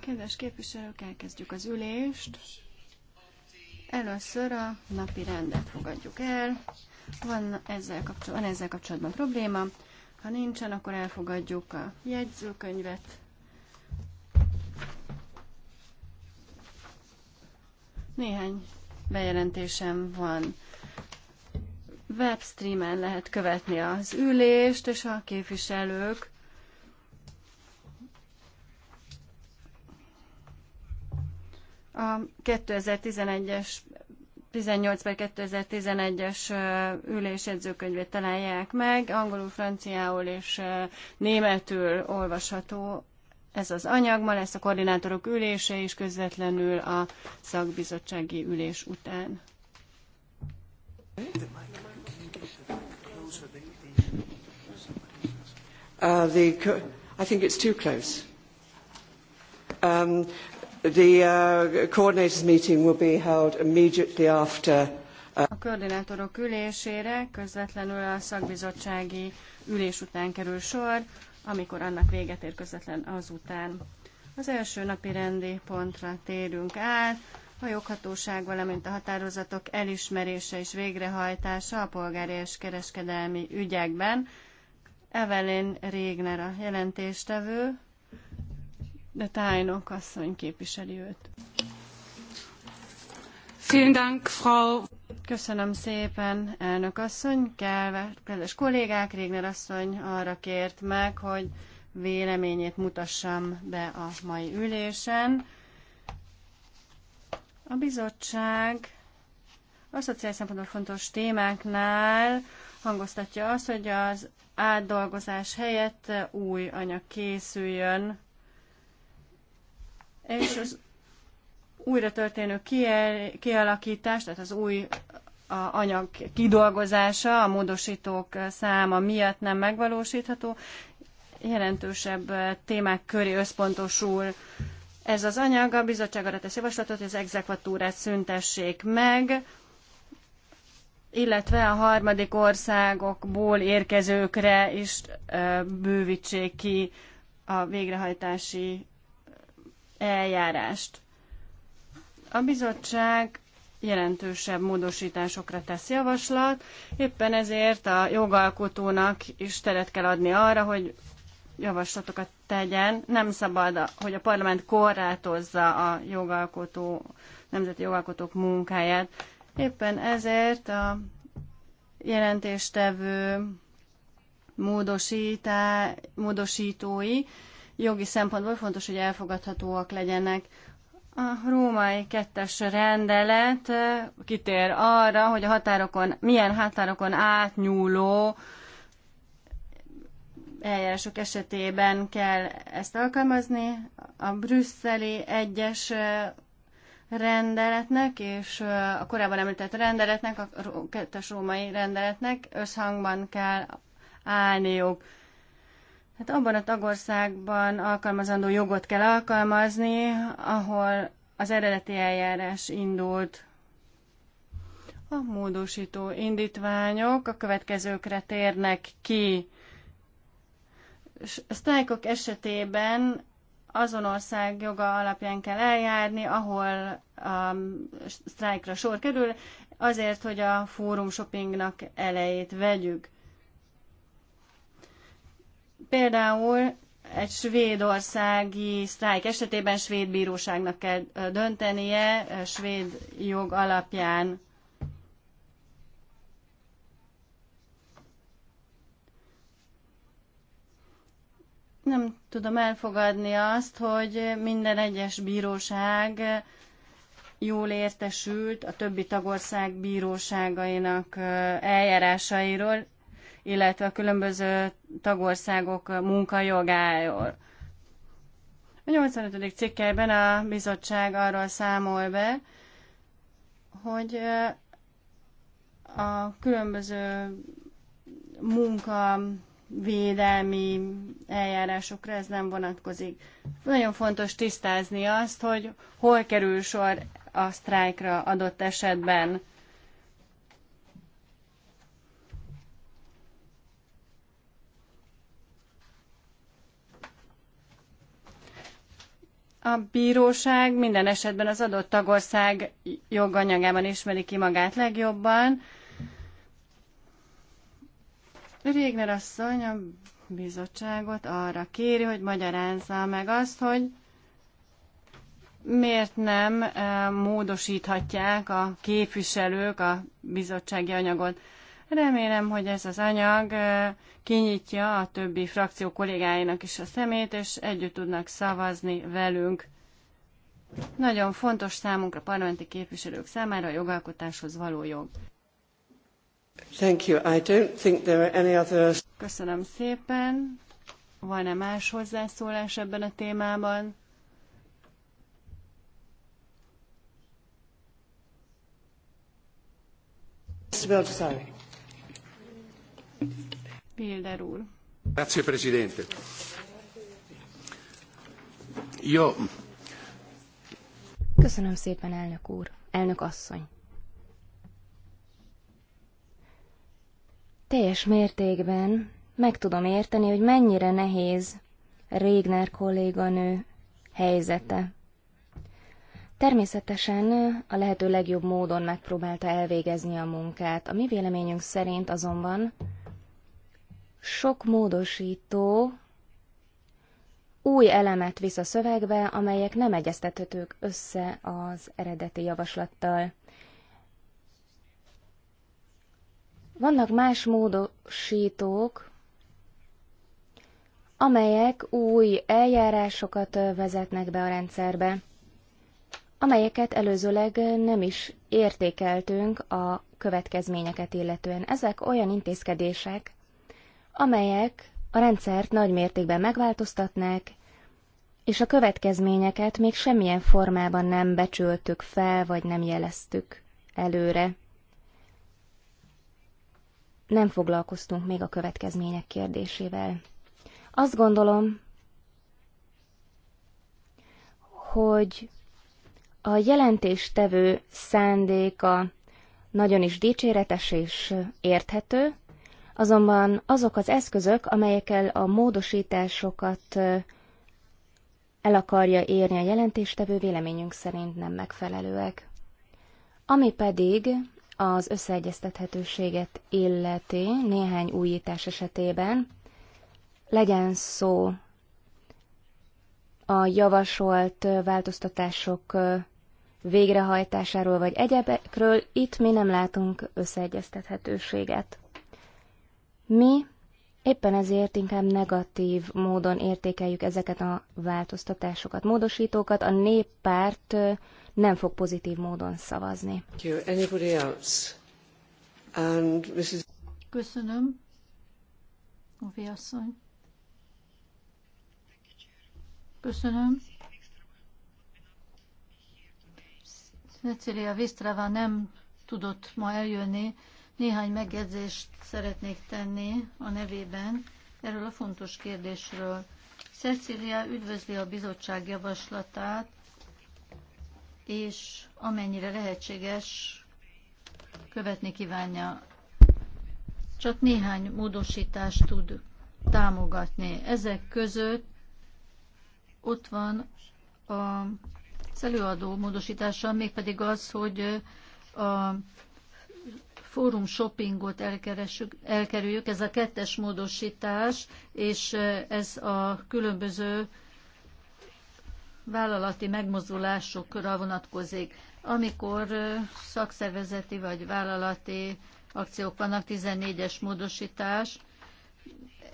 Kedves képviselők, elkezdjük az ülést. Először a napi rendet fogadjuk el. Van ezzel, van ezzel kapcsolatban probléma. Ha nincsen, akkor elfogadjuk a jegyzőkönyvet. Néhány bejelentésem van webstreamen lehet követni az ülést, és a képviselők A 2011-es 18 per 2011-es ülés edzőkönyvét találják meg, angolul, franciául és németül olvasható ez az anyag. Ma lesz a koordinátorok ülése is közvetlenül a szakbizottsági ülés után. Uh, the, I think it's too close. Um, The uh, coordinators meeting will be held immediately after uh, a koordinátorok ülésére közvetlenül a szakbizottsági ülés után kerül sor, amikor annak véget ér közvetlen azután. Az első napi rendi pontra térünk át. A joghatóság, valamint a határozatok elismerése és végrehajtása a polgári és kereskedelmi ügyekben. Evelyn Régner a jelentéstevő de Tájnok asszony képviseli őt. Vielen Dank, Frau. Köszönöm szépen, elnök asszony, kedves kollégák, Régner asszony arra kért meg, hogy véleményét mutassam be a mai ülésen. A bizottság a szociális szempontból fontos témáknál hangoztatja azt, hogy az átdolgozás helyett új anyag készüljön és az újra történő kialakítás, tehát az új a anyag kidolgozása a módosítók száma miatt nem megvalósítható, jelentősebb eh, témák köré összpontosul ez az anyag. A bizottság arra tesz javaslatot, hogy az exekvatúrát szüntessék meg, illetve a harmadik országokból érkezőkre is eh, bővítsék ki a végrehajtási eljárást. A bizottság jelentősebb módosításokra tesz javaslat, éppen ezért a jogalkotónak is teret kell adni arra, hogy javaslatokat tegyen. Nem szabad, hogy a parlament korlátozza a jogalkotó, nemzeti jogalkotók munkáját. Éppen ezért a jelentéstevő módosítá, módosítói jogi szempontból fontos, hogy elfogadhatóak legyenek. A római kettes rendelet kitér arra, hogy a határokon, milyen határokon átnyúló eljárások esetében kell ezt alkalmazni. A brüsszeli egyes rendeletnek és a korábban említett rendeletnek, a kettes római rendeletnek összhangban kell állniuk. Hát abban a tagországban alkalmazandó jogot kell alkalmazni, ahol az eredeti eljárás indult. A módosító indítványok a következőkre térnek ki. A sztrájkok esetében azon ország joga alapján kell eljárni, ahol a sztrájkra sor kerül, azért, hogy a fórum shoppingnak elejét vegyük. Például egy svédországi sztrájk esetében svéd bíróságnak kell döntenie, svéd jog alapján. Nem tudom elfogadni azt, hogy minden egyes bíróság jól értesült a többi tagország bíróságainak eljárásairól, illetve a különböző tagországok munkajogáról. A 85. cikkelyben a bizottság arról számol be, hogy a különböző munkavédelmi eljárásokra ez nem vonatkozik. Nagyon fontos tisztázni azt, hogy hol kerül sor a sztrájkra adott esetben. A bíróság minden esetben az adott tagország joganyagában ismeri ki magát legjobban. Régner asszony a bizottságot arra kéri, hogy magyarázza meg azt, hogy miért nem eh, módosíthatják a képviselők a bizottsági anyagot. Remélem, hogy ez az anyag kinyitja a többi frakció kollégáinak is a szemét, és együtt tudnak szavazni velünk. Nagyon fontos számunkra, parlamenti képviselők számára a jogalkotáshoz való jog. Thank you. I don't think there are any other... Köszönöm szépen. Van-e más hozzászólás ebben a témában? Mr. Belgisari. Bilder úr. Grazie, Presidente. Jó. Köszönöm szépen, elnök úr. Elnök asszony. Teljes mértékben meg tudom érteni, hogy mennyire nehéz Régner kolléganő helyzete. Természetesen a lehető legjobb módon megpróbálta elvégezni a munkát. A mi véleményünk szerint azonban sok módosító új elemet visz a szövegbe, amelyek nem egyeztethetők össze az eredeti javaslattal. Vannak más módosítók, amelyek új eljárásokat vezetnek be a rendszerbe, amelyeket előzőleg nem is értékeltünk a következményeket illetően. Ezek olyan intézkedések, amelyek a rendszert nagy mértékben megváltoztatnák, és a következményeket még semmilyen formában nem becsültük fel, vagy nem jeleztük előre. Nem foglalkoztunk még a következmények kérdésével. Azt gondolom, hogy a jelentéstevő szándéka nagyon is dicséretes és érthető, azonban azok az eszközök, amelyekkel a módosításokat el akarja érni a jelentéstevő, véleményünk szerint nem megfelelőek. Ami pedig az összeegyeztethetőséget illeti néhány újítás esetében, legyen szó a javasolt változtatások végrehajtásáról vagy egyebekről, itt mi nem látunk összeegyeztethetőséget. Mi éppen ezért inkább negatív módon értékeljük ezeket a változtatásokat, módosítókat. A néppárt nem fog pozitív módon szavazni. Köszönöm. Uvi Köszönöm. Cecilia Vistrava nem tudott ma eljönni, néhány megjegyzést szeretnék tenni a nevében erről a fontos kérdésről. Cecília üdvözli a bizottság javaslatát, és amennyire lehetséges, követni kívánja. Csak néhány módosítást tud támogatni. Ezek között ott van a előadó módosítása, mégpedig az, hogy a fórum shoppingot elkerüljük, ez a kettes módosítás, és ez a különböző vállalati megmozdulásokra vonatkozik. Amikor szakszervezeti vagy vállalati akciók vannak, 14-es módosítás,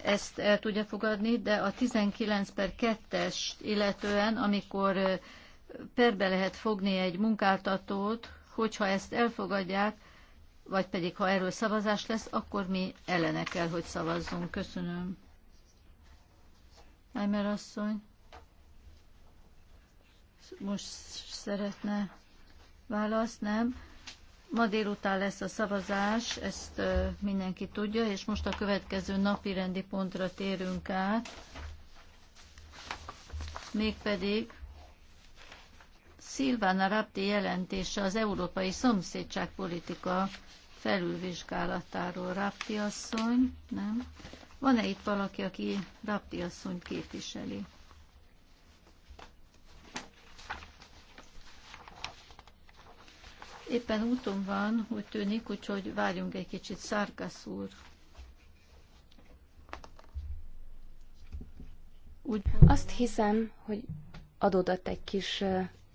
ezt el tudja fogadni, de a 19 per 2-es illetően, amikor perbe lehet fogni egy munkáltatót, hogyha ezt elfogadják, vagy pedig ha erről szavazás lesz, akkor mi ellene kell, hogy szavazzunk. Köszönöm. Eimer asszony most szeretne választ, nem? Ma délután lesz a szavazás, ezt mindenki tudja, és most a következő napi rendi pontra térünk át, mégpedig Szilvána Rapti jelentése az európai szomszédságpolitika felülvizsgálatáról. Rapti asszony, nem? Van-e itt valaki, aki Rapti asszony képviseli? Éppen úton van, úgy tűnik, úgyhogy várjunk egy kicsit, Szárkasz úr. Úgy... Azt hiszem, hogy adódott egy kis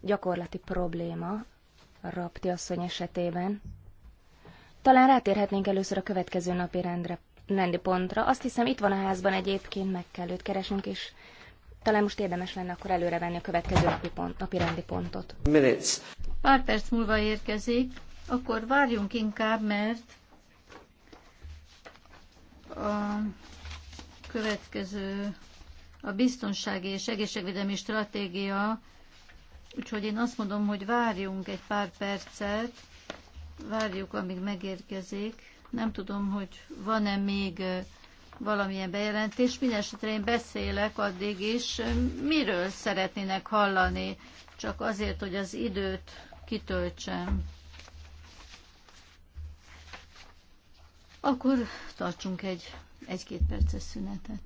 gyakorlati probléma a Rapti asszony esetében. Talán rátérhetnénk először a következő napi rendre, rendi pontra. Azt hiszem, itt van a házban egyébként, meg kell őt keresnünk, és talán most érdemes lenne akkor előre venni a következő napi, pont, napi rendi pontot. Minutes. Pár perc múlva érkezik, akkor várjunk inkább, mert a következő a biztonsági és egészségvédelmi stratégia, úgyhogy én azt mondom, hogy várjunk egy pár percet, Várjuk, amíg megérkezik. Nem tudom, hogy van-e még valamilyen bejelentés. Mindenesetre én beszélek addig is, miről szeretnének hallani, csak azért, hogy az időt kitöltsem. Akkor tartsunk egy egy-két perces szünetet.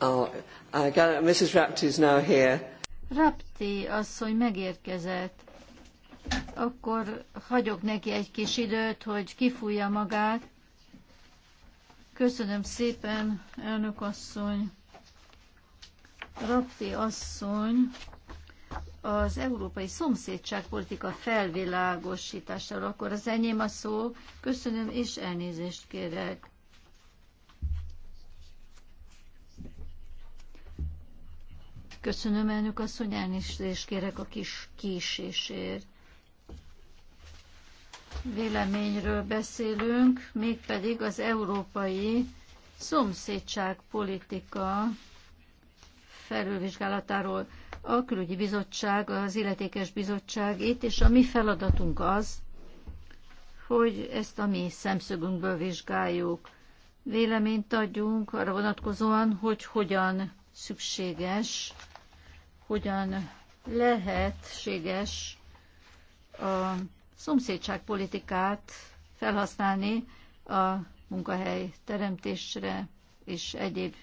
Oh, Mrs. Rapti is now here. Rapti asszony megérkezett. Akkor hagyok neki egy kis időt, hogy kifújja magát. Köszönöm szépen, elnök asszony. Rapti asszony az európai szomszédságpolitika felvilágosítására, Akkor az enyém a szó. Köszönöm, és elnézést kérek. Köszönöm, elnök asszony, elnézést kérek a kis késésért. Véleményről beszélünk, mégpedig az európai szomszédság politika felülvizsgálatáról. A külügyi bizottság, az illetékes bizottság itt, és a mi feladatunk az, hogy ezt a mi szemszögünkből vizsgáljuk. Véleményt adjunk arra vonatkozóan, hogy hogyan szükséges, hogyan lehetséges a szomszédságpolitikát felhasználni a munkahely teremtésre és egyéb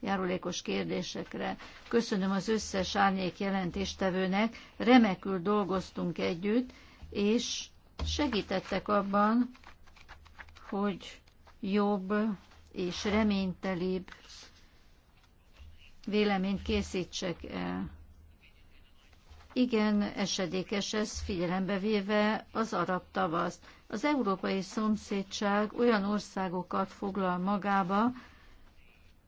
járulékos kérdésekre. Köszönöm az összes árnyék jelentéstevőnek, remekül dolgoztunk együtt, és segítettek abban, hogy jobb és reménytelibb véleményt készítsek el. Igen, esedékes ez figyelembe véve az arab tavaszt. Az európai szomszédság olyan országokat foglal magába,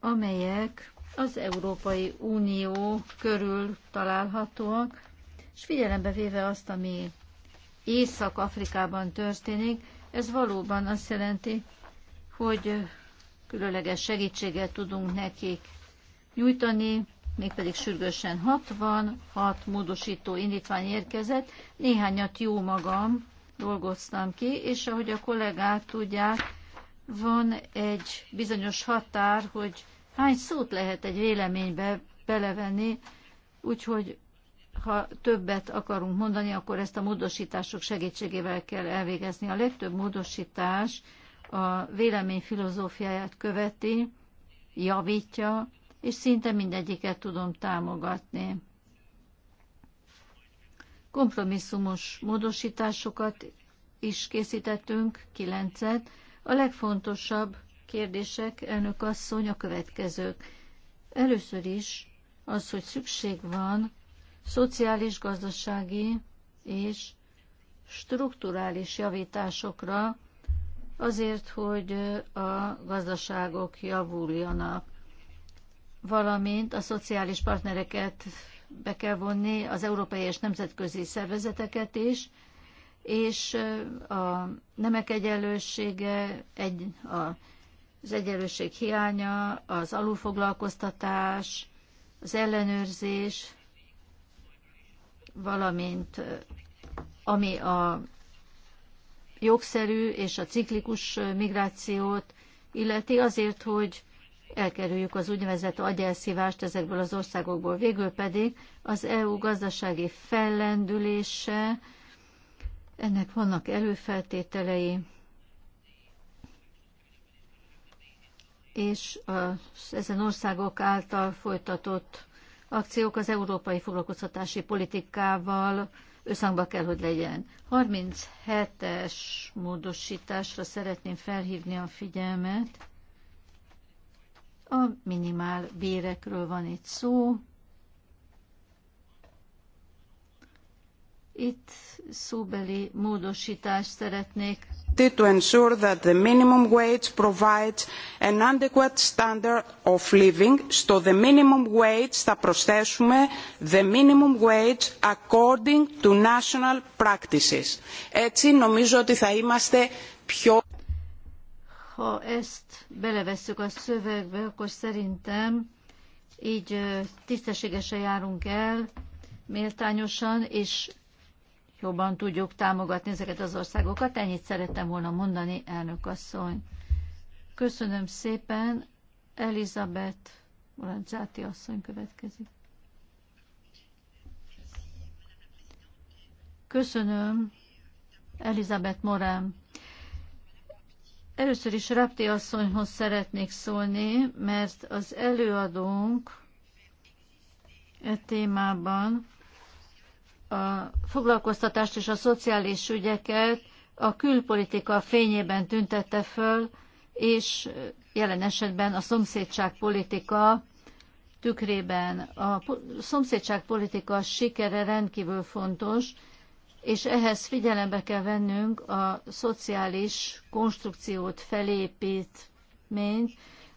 amelyek az Európai Unió körül találhatóak, és figyelembe véve azt, ami Észak-Afrikában történik, ez valóban azt jelenti, hogy különleges segítséget tudunk nekik nyújtani, mégpedig sürgősen 66 módosító indítvány érkezett, néhányat jó magam dolgoztam ki, és ahogy a kollégák tudják, van egy bizonyos határ, hogy hány szót lehet egy véleménybe belevenni, úgyhogy ha többet akarunk mondani, akkor ezt a módosítások segítségével kell elvégezni. A legtöbb módosítás a vélemény filozófiáját követi, javítja, és szinte mindegyiket tudom támogatni. Kompromisszumos módosításokat is készítettünk, kilencet. A legfontosabb kérdések, elnök asszony, a következők. Először is az, hogy szükség van szociális, gazdasági és strukturális javításokra azért, hogy a gazdaságok javuljanak valamint a szociális partnereket be kell vonni, az európai és nemzetközi szervezeteket is, és a nemek egyenlősége, egy, a, az egyenlőség hiánya, az alulfoglalkoztatás, az ellenőrzés, valamint ami a jogszerű és a ciklikus migrációt illeti azért, hogy elkerüljük az úgynevezett agyelszívást ezekből az országokból. Végül pedig az EU gazdasági fellendülése, ennek vannak előfeltételei, és az ezen országok által folytatott akciók az európai foglalkoztatási politikával összhangba kell, hogy legyen. 37-es módosításra szeretném felhívni a figyelmet. A minimál bérekről van itt szó. Itt szóbeli módosítást szeretnék to ensure that the minimum wage provides an adequate standard of living στο the minimum wage θα προσθέσουμε the minimum wage according to national practices. Έτσι νομίζω ότι θα είμαστε πιο ha ezt belevesszük a szövegbe, akkor szerintem így tisztességesen járunk el, méltányosan, és jobban tudjuk támogatni ezeket az országokat. Ennyit szerettem volna mondani, elnök asszony. Köszönöm szépen. Elizabeth Olancsáti asszony következik. Köszönöm. Elizabeth Morán Először is Rapti asszonyhoz szeretnék szólni, mert az előadónk e témában a foglalkoztatást és a szociális ügyeket a külpolitika fényében tüntette föl, és jelen esetben a szomszédságpolitika tükrében. A szomszédságpolitika sikere rendkívül fontos, és ehhez figyelembe kell vennünk a szociális konstrukciót felépítményt,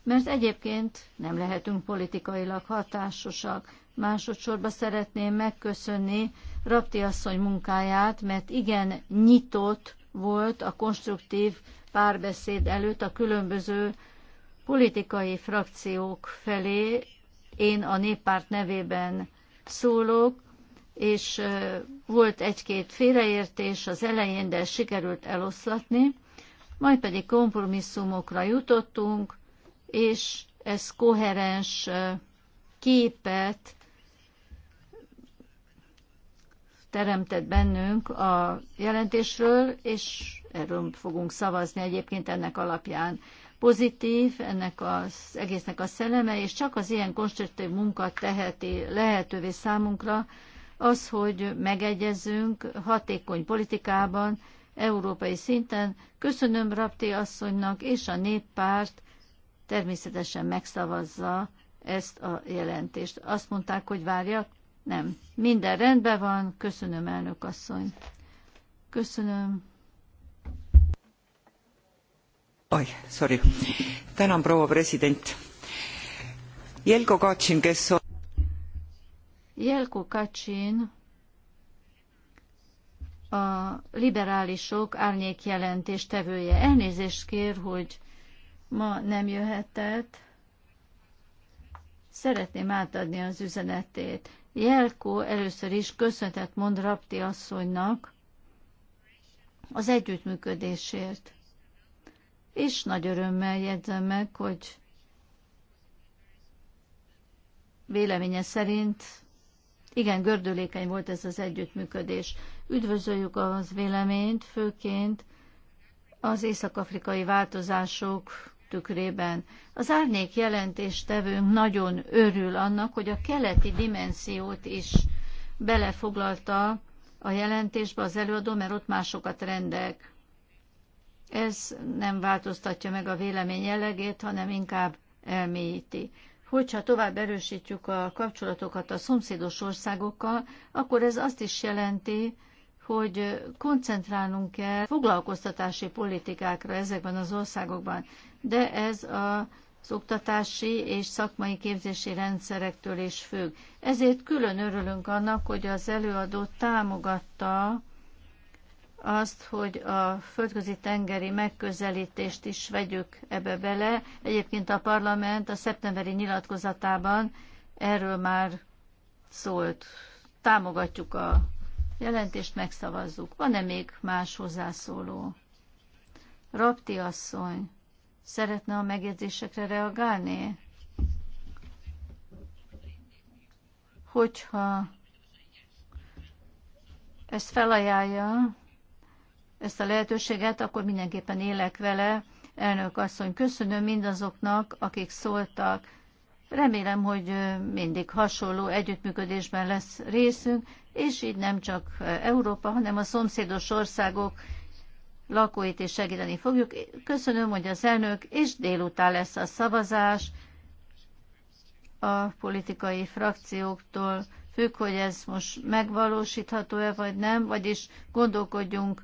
mert egyébként nem lehetünk politikailag hatásosak. Másodszorban szeretném megköszönni Rapti asszony munkáját, mert igen nyitott volt a konstruktív párbeszéd előtt a különböző politikai frakciók felé. Én a néppárt nevében szólok, és volt egy-két félreértés az elején, de sikerült eloszlatni, majd pedig kompromisszumokra jutottunk, és ez koherens képet teremtett bennünk a jelentésről, és erről fogunk szavazni egyébként ennek alapján. Pozitív ennek az egésznek a szelleme, és csak az ilyen konstruktív munka teheti lehetővé számunkra, az, hogy megegyezünk hatékony politikában, európai szinten. Köszönöm Rapti asszonynak, és a néppárt természetesen megszavazza ezt a jelentést. Azt mondták, hogy várjak? Nem. Minden rendben van. Köszönöm, elnök asszony. Köszönöm. Oj, sorry. Tänan, proua president. Jelko Kacsin, kes Jelko Kacsin a liberálisok árnyék jelentés tevője. Elnézést kér, hogy ma nem jöhetett. Szeretném átadni az üzenetét. Jelko először is köszönetet mond Rapti asszonynak az együttműködésért. És nagy örömmel jegyzem meg, hogy véleménye szerint igen gördülékeny volt ez az együttműködés. Üdvözöljük az véleményt, főként az észak-afrikai változások tükrében. Az árnyék jelentéstevőnk nagyon örül annak, hogy a keleti dimenziót is belefoglalta a jelentésbe az előadó, mert ott másokat rendek. Ez nem változtatja meg a vélemény jellegét, hanem inkább elmélyíti hogyha tovább erősítjük a kapcsolatokat a szomszédos országokkal, akkor ez azt is jelenti, hogy koncentrálnunk kell foglalkoztatási politikákra ezekben az országokban. De ez a az oktatási és szakmai képzési rendszerektől is függ. Ezért külön örülünk annak, hogy az előadó támogatta azt, hogy a földközi tengeri megközelítést is vegyük ebbe bele. Egyébként a parlament a szeptemberi nyilatkozatában erről már szólt. Támogatjuk a jelentést, megszavazzuk. Van-e még más hozzászóló? Rapti asszony, szeretne a megjegyzésekre reagálni? Hogyha ezt felajánlja, ezt a lehetőséget, akkor mindenképpen élek vele. Elnök asszony, köszönöm mindazoknak, akik szóltak. Remélem, hogy mindig hasonló együttműködésben lesz részünk, és így nem csak Európa, hanem a szomszédos országok lakóit is segíteni fogjuk. Köszönöm, hogy az elnök, és délután lesz a szavazás a politikai frakcióktól függ, hogy ez most megvalósítható-e vagy nem, vagyis gondolkodjunk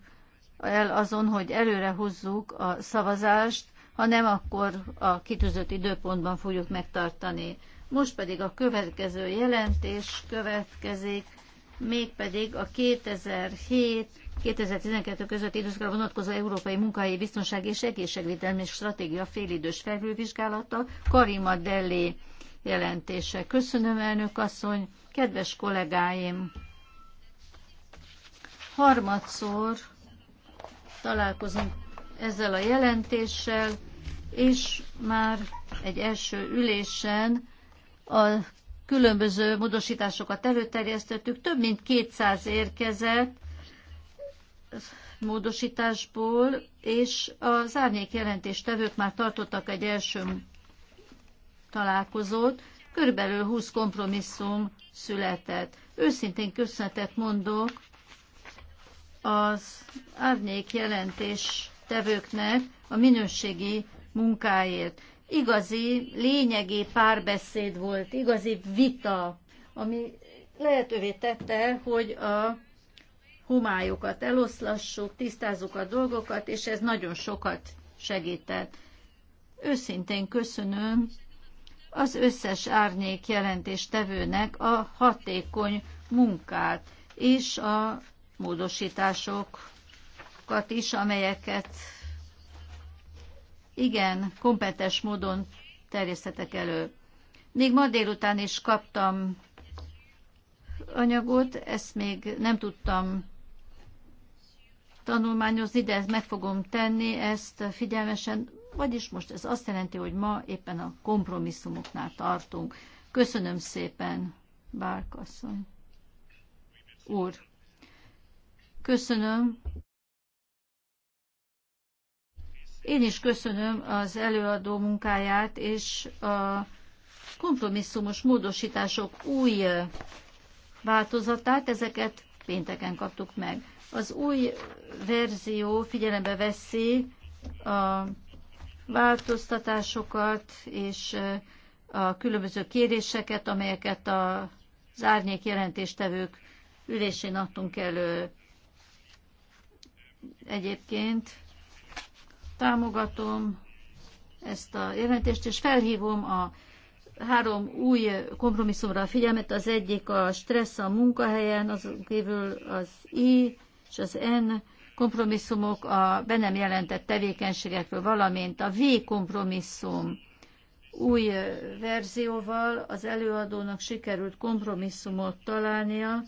el azon, hogy előre hozzuk a szavazást, ha nem, akkor a kitűzött időpontban fogjuk megtartani. Most pedig a következő jelentés következik, mégpedig a 2007-2012 közötti időszakra vonatkozó Európai Munkahelyi Biztonság és Egészségvédelmi Stratégia félidős felülvizsgálata, Karima Delli jelentése. Köszönöm, elnök asszony, kedves kollégáim! Harmadszor találkozunk ezzel a jelentéssel, és már egy első ülésen a különböző módosításokat előterjesztettük. Több mint 200 érkezett módosításból, és az árnyék jelentéstevők már tartottak egy első találkozót. Körülbelül 20 kompromisszum született. Őszintén köszönetet mondok az árnyék jelentés tevőknek a minőségi munkáért. Igazi, lényegi párbeszéd volt, igazi vita, ami lehetővé tette, hogy a homályokat eloszlassuk, tisztázzuk a dolgokat, és ez nagyon sokat segített. Őszintén köszönöm az összes árnyék jelentéstevőnek a hatékony munkát és a módosításokat is, amelyeket igen kompetens módon terjesztetek elő. Még ma délután is kaptam anyagot, ezt még nem tudtam tanulmányozni, de ezt meg fogom tenni, ezt figyelmesen, vagyis most ez azt jelenti, hogy ma éppen a kompromisszumoknál tartunk. Köszönöm szépen, Bárkasszony. Úr. Köszönöm. Én is köszönöm az előadó munkáját és a kompromisszumos módosítások új változatát, ezeket pénteken kaptuk meg. Az új verzió figyelembe veszi a változtatásokat és a különböző kéréseket, amelyeket az árnyék jelentéstevők ülésén adtunk elő egyébként támogatom ezt a jelentést, és felhívom a három új kompromisszumra a figyelmet. Az egyik a stressz a munkahelyen, azon kívül az I és az N kompromisszumok a be nem jelentett tevékenységekről, valamint a V kompromisszum új verzióval az előadónak sikerült kompromisszumot találnia,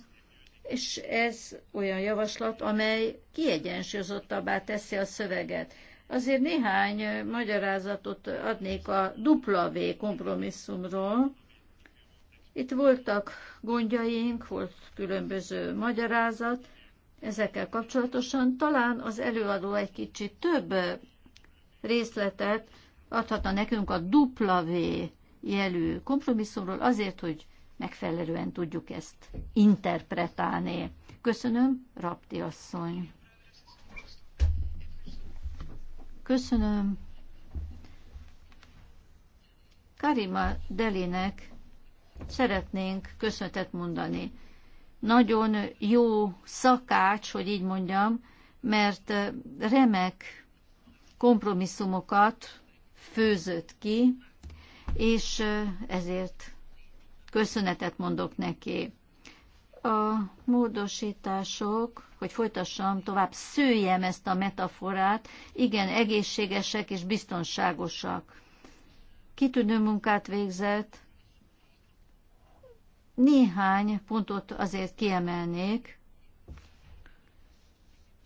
és ez olyan javaslat, amely kiegyensúlyozottabbá teszi a szöveget. Azért néhány magyarázatot adnék a W kompromisszumról. Itt voltak gondjaink, volt különböző magyarázat ezekkel kapcsolatosan. Talán az előadó egy kicsit több részletet adhatna nekünk a W jelű kompromisszumról azért, hogy megfelelően tudjuk ezt interpretálni. Köszönöm, Rapti asszony. Köszönöm. Karima Delinek szeretnénk köszönetet mondani. Nagyon jó szakács, hogy így mondjam, mert remek kompromisszumokat főzött ki, és ezért köszönetet mondok neki. A módosítások, hogy folytassam tovább, szőjem ezt a metaforát, igen, egészségesek és biztonságosak. Kitűnő munkát végzett, néhány pontot azért kiemelnék.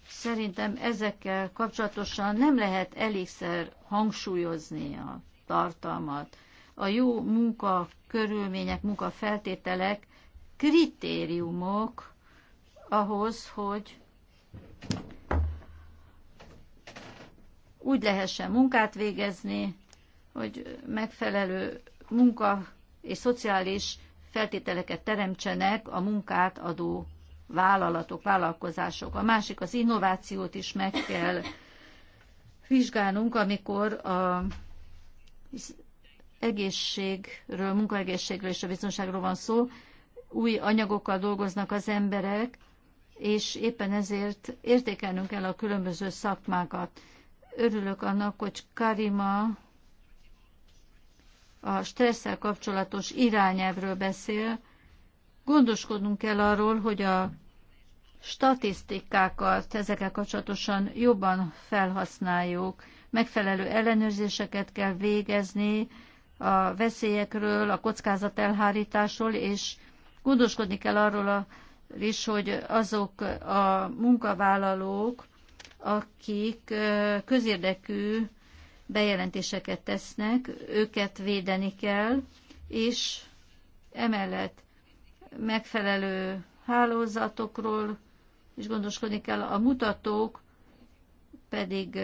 Szerintem ezekkel kapcsolatosan nem lehet elégszer hangsúlyozni a tartalmat a jó munka munka feltételek kritériumok ahhoz, hogy úgy lehessen munkát végezni, hogy megfelelő munka és szociális feltételeket teremtsenek a munkát adó vállalatok, vállalkozások. A másik az innovációt is meg kell vizsgálnunk, amikor a egészségről, munkaegészségről és a biztonságról van szó, új anyagokkal dolgoznak az emberek, és éppen ezért értékelnünk kell a különböző szakmákat. Örülök annak, hogy Karima a stresszel kapcsolatos irányelvről beszél. Gondoskodnunk kell arról, hogy a statisztikákat ezekkel kapcsolatosan jobban felhasználjuk. Megfelelő ellenőrzéseket kell végezni, a veszélyekről, a elhárításról, és gondoskodni kell arról is, hogy azok a munkavállalók, akik közérdekű bejelentéseket tesznek, őket védeni kell, és emellett megfelelő hálózatokról is gondoskodni kell, a mutatók pedig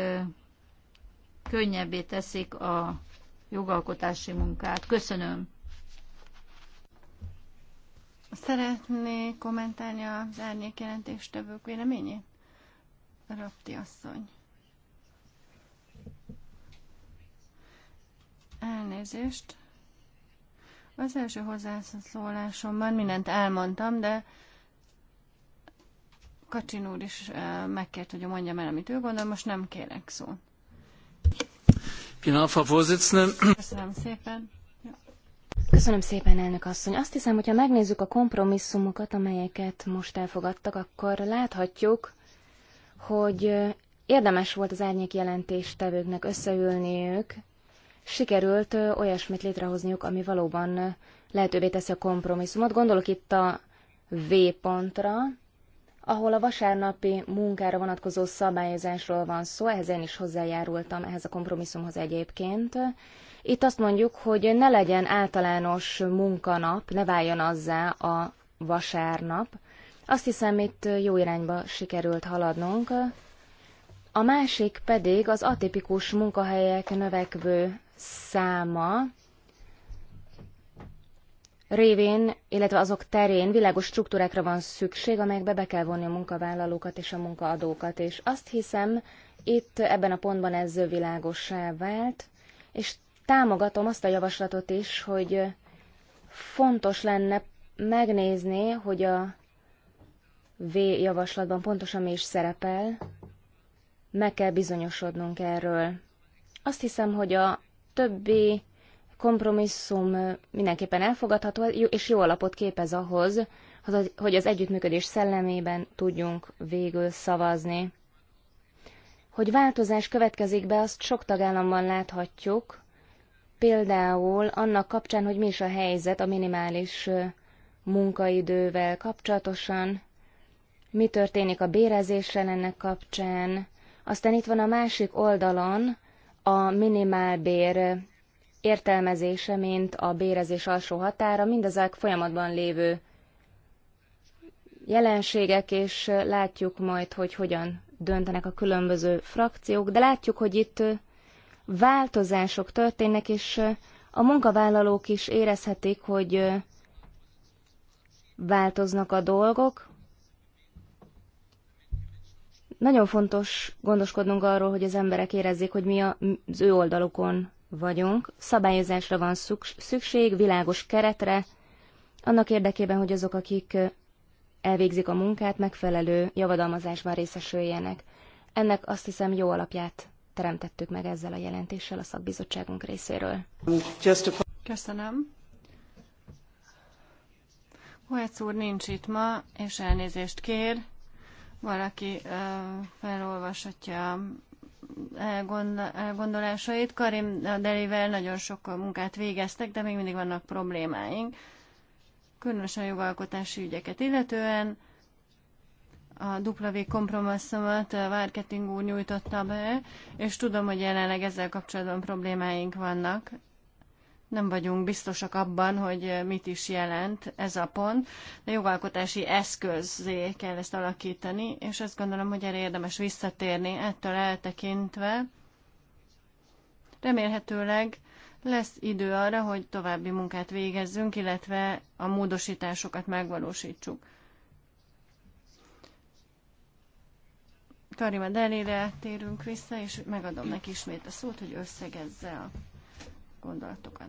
könnyebbé teszik a jogalkotási munkát. Köszönöm. Szeretné kommentálni az árnyék jelentéstevők véleményét? Rapti asszony. Elnézést. Az első hozzászólásomban mindent elmondtam, de Kacsin úr is eh, megkért, hogy mondjam el, amit ő gondol, most nem kérek szót. Köszönöm szépen. Köszönöm szépen, elnök asszony. Azt hiszem, hogyha megnézzük a kompromisszumokat, amelyeket most elfogadtak, akkor láthatjuk, hogy érdemes volt az árnyék jelentéstevőknek összeülniük, sikerült olyasmit létrehozniuk, ami valóban lehetővé teszi a kompromisszumot. Gondolok itt a V pontra, ahol a vasárnapi munkára vonatkozó szabályozásról van szó, ehhez én is hozzájárultam ehhez a kompromisszumhoz egyébként. Itt azt mondjuk, hogy ne legyen általános munkanap, ne váljon azzá a vasárnap. Azt hiszem, itt jó irányba sikerült haladnunk. A másik pedig az atipikus munkahelyek növekvő száma, révén, illetve azok terén világos struktúrákra van szükség, amelyekbe be kell vonni a munkavállalókat és a munkaadókat. És azt hiszem, itt ebben a pontban ez világossá vált, és támogatom azt a javaslatot is, hogy fontos lenne megnézni, hogy a V javaslatban pontosan mi is szerepel, meg kell bizonyosodnunk erről. Azt hiszem, hogy a többi kompromisszum mindenképpen elfogadható, és jó alapot képez ahhoz, hogy az együttműködés szellemében tudjunk végül szavazni. Hogy változás következik be, azt sok tagállamban láthatjuk, például annak kapcsán, hogy mi is a helyzet a minimális munkaidővel kapcsolatosan, mi történik a bérezéssel ennek kapcsán, aztán itt van a másik oldalon a minimálbér értelmezése, mint a bérezés alsó határa, mindezek folyamatban lévő jelenségek, és látjuk majd, hogy hogyan döntenek a különböző frakciók, de látjuk, hogy itt változások történnek, és a munkavállalók is érezhetik, hogy változnak a dolgok. Nagyon fontos gondoskodnunk arról, hogy az emberek érezzék, hogy mi az ő oldalukon vagyunk, szabályozásra van szükség, világos keretre, annak érdekében, hogy azok, akik elvégzik a munkát, megfelelő javadalmazásban részesüljenek. Ennek azt hiszem jó alapját teremtettük meg ezzel a jelentéssel a szakbizottságunk részéről. Köszönöm. Hoec úr nincs itt ma, és elnézést kér. Valaki uh, felolvashatja elgondolásait. Karim Delivel nagyon sok munkát végeztek, de még mindig vannak problémáink, különösen a jogalkotási ügyeket illetően. A W kompromisszumot marketing úr nyújtotta be, és tudom, hogy jelenleg ezzel kapcsolatban problémáink vannak, nem vagyunk biztosak abban, hogy mit is jelent ez a pont, de jogalkotási eszközé kell ezt alakítani, és azt gondolom, hogy erre érdemes visszatérni ettől eltekintve. Remélhetőleg lesz idő arra, hogy további munkát végezzünk, illetve a módosításokat megvalósítsuk. Karima Delire térünk vissza, és megadom neki ismét a szót, hogy összegezze a gondolatokat.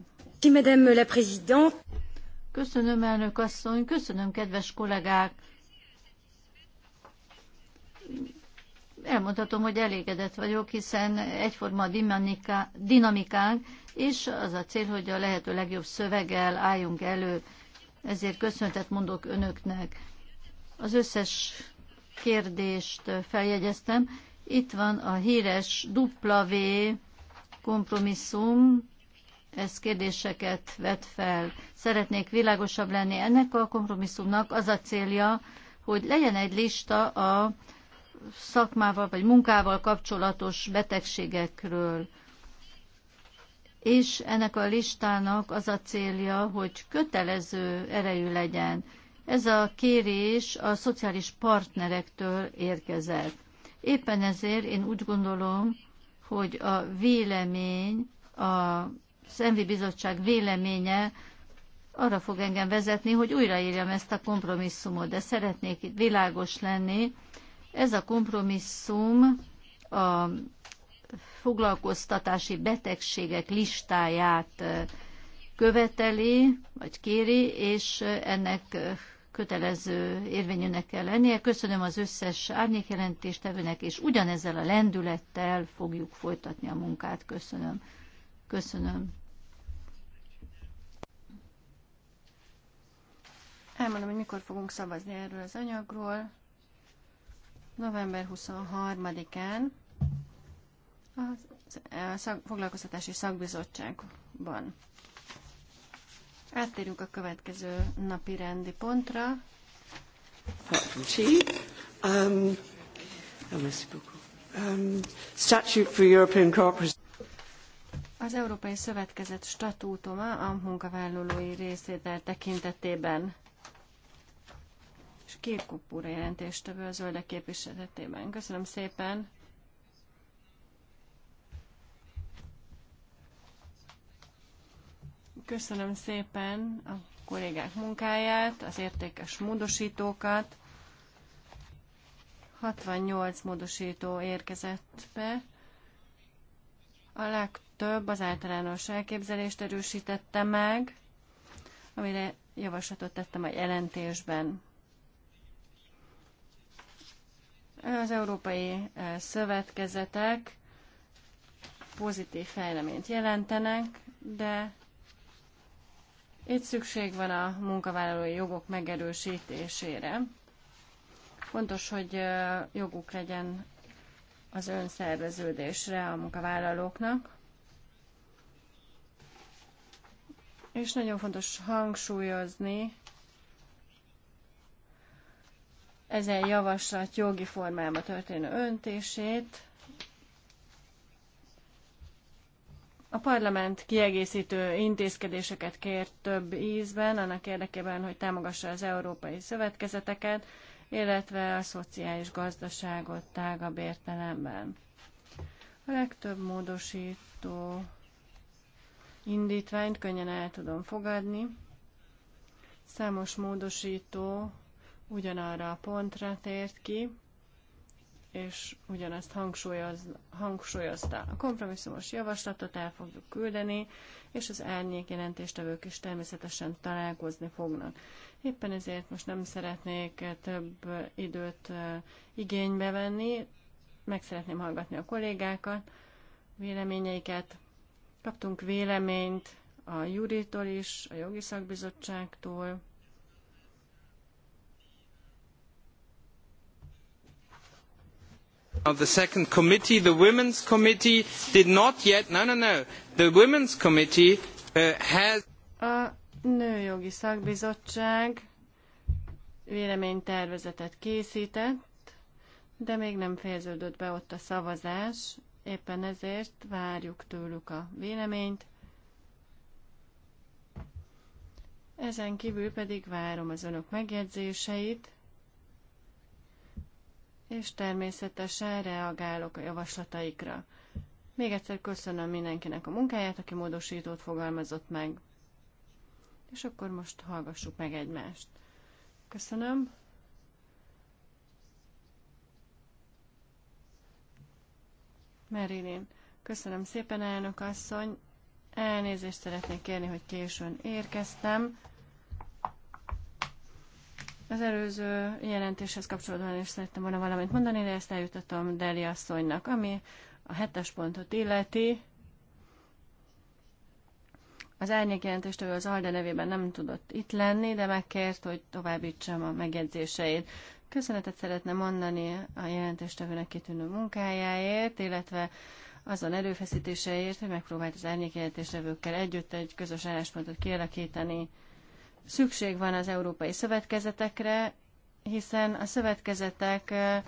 Köszönöm, elnök asszony, köszönöm, kedves kollégák. Elmondhatom, hogy elégedett vagyok, hiszen egyforma a dinamikánk, és az a cél, hogy a lehető legjobb szöveggel álljunk elő. Ezért köszöntet mondok önöknek. Az összes kérdést feljegyeztem. Itt van a híres W kompromisszum, ez kérdéseket vet fel. Szeretnék világosabb lenni. Ennek a kompromisszumnak az a célja, hogy legyen egy lista a szakmával vagy munkával kapcsolatos betegségekről. És ennek a listának az a célja, hogy kötelező erejű legyen. Ez a kérés a szociális partnerektől érkezett. Éppen ezért én úgy gondolom, hogy a vélemény a az Envi Bizottság véleménye arra fog engem vezetni, hogy újraírjam ezt a kompromisszumot, de szeretnék itt világos lenni. Ez a kompromisszum a foglalkoztatási betegségek listáját követeli, vagy kéri, és ennek kötelező érvényűnek kell lennie. Köszönöm az összes árnyékjelentéstevőnek, és ugyanezzel a lendülettel fogjuk folytatni a munkát. Köszönöm. Köszönöm. Elmondom, hogy mikor fogunk szavazni erről az anyagról. November 23-án a foglalkoztatási szakbizottságban. Áttérünk a következő napi rendi pontra. Um, oh, um, Statute for European Cooperation. Az Európai Szövetkezet statútuma a munkavállalói részétel tekintetében és két úr jelentéstevő a zöldek képviseletében. Köszönöm szépen! Köszönöm szépen a kollégák munkáját, az értékes módosítókat. 68 módosító érkezett be. A legtöbb az általános elképzelést erősítette meg, amire javaslatot tettem a jelentésben. Az európai eh, szövetkezetek pozitív fejleményt jelentenek, de itt szükség van a munkavállalói jogok megerősítésére. Fontos, hogy eh, joguk legyen az önszerveződésre a munkavállalóknak. És nagyon fontos hangsúlyozni ezen javaslat jogi formába történő öntését. A parlament kiegészítő intézkedéseket kért több ízben, annak érdekében, hogy támogassa az európai szövetkezeteket, illetve a szociális gazdaságot tágabb értelemben. A legtöbb módosító indítványt könnyen el tudom fogadni. Számos módosító ugyanarra a pontra tért ki, és ugyanezt hangsúlyoz, hangsúlyozta. A kompromisszumos javaslatot el fogjuk küldeni, és az árnyék jelentéstevők is természetesen találkozni fognak. Éppen ezért most nem szeretnék több időt igénybe venni, meg szeretném hallgatni a kollégákat, véleményeiket. Kaptunk véleményt a Juritól is, a Jogi Szakbizottságtól. Now the second committee the women's committee did not yet no no no the women's committee uh, has Uh, Nőjogi Szakbizottság véleménytervezetet készített, de még nem fejeződött be ott a szavazás, éppen ezért várjuk tőlük a véleményt. Ezen kívül pedig várom az önök megjegyzéseit, és természetesen reagálok a javaslataikra. Még egyszer köszönöm mindenkinek a munkáját, aki módosítót fogalmazott meg. És akkor most hallgassuk meg egymást. Köszönöm. Merilén, köszönöm szépen, elnök asszony. Elnézést szeretnék kérni, hogy későn érkeztem. Az előző jelentéshez kapcsolódóan is szerettem volna valamit mondani, de ezt eljutatom Deli asszonynak, ami a hetes pontot illeti. Az árnyékjelentéstől az Alde nevében nem tudott itt lenni, de megkért, hogy továbbítsam a megjegyzéseit. Köszönetet szeretne mondani a jelentéstevőnek kitűnő munkájáért, illetve azon erőfeszítéseért, hogy megpróbált az árnyékjelentéstevőkkel együtt egy közös álláspontot kialakítani. Szükség van az európai szövetkezetekre, hiszen a szövetkezetek eh,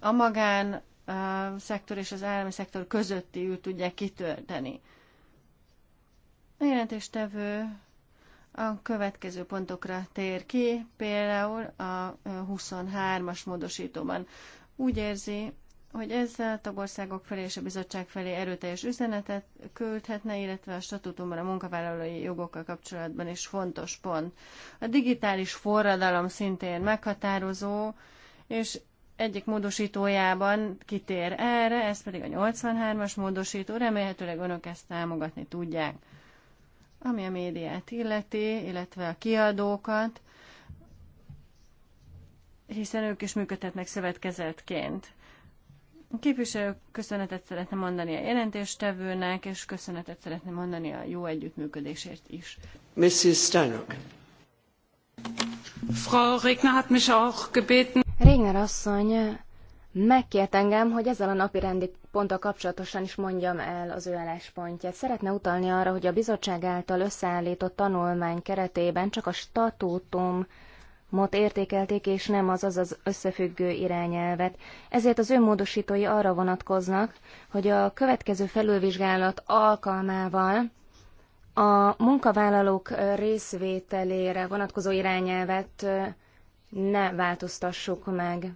a magán eh, szektor és az állami szektor közötti űrt tudják kitölteni. A jelentéstevő a következő pontokra tér ki, például a 23-as módosítóban. Úgy érzi, hogy ezzel a tagországok felé és a bizottság felé erőteljes üzenetet küldhetne, illetve a statutumban a munkavállalói jogokkal kapcsolatban is fontos pont. A digitális forradalom szintén meghatározó, és egyik módosítójában kitér erre, ez pedig a 83-as módosító, remélhetőleg önök ezt támogatni tudják. Ami a médiát illeti, illetve a kiadókat, hiszen ők is működhetnek szövetkezetként. A képviselők köszönetet szeretne mondani a jelentéstevőnek, és köszönetet szeretne mondani a jó együttműködésért is. Mrs. Steinrock. Frau Regner hat mich auch gebeten. Regner asszony megkért engem, hogy ezzel a napi rendi ponttal kapcsolatosan is mondjam el az ő álláspontját. Szeretne utalni arra, hogy a bizottság által összeállított tanulmány keretében csak a statútum mot értékelték, és nem az az összefüggő irányelvet. Ezért az önmódosítói arra vonatkoznak, hogy a következő felülvizsgálat alkalmával a munkavállalók részvételére vonatkozó irányelvet ne változtassuk meg.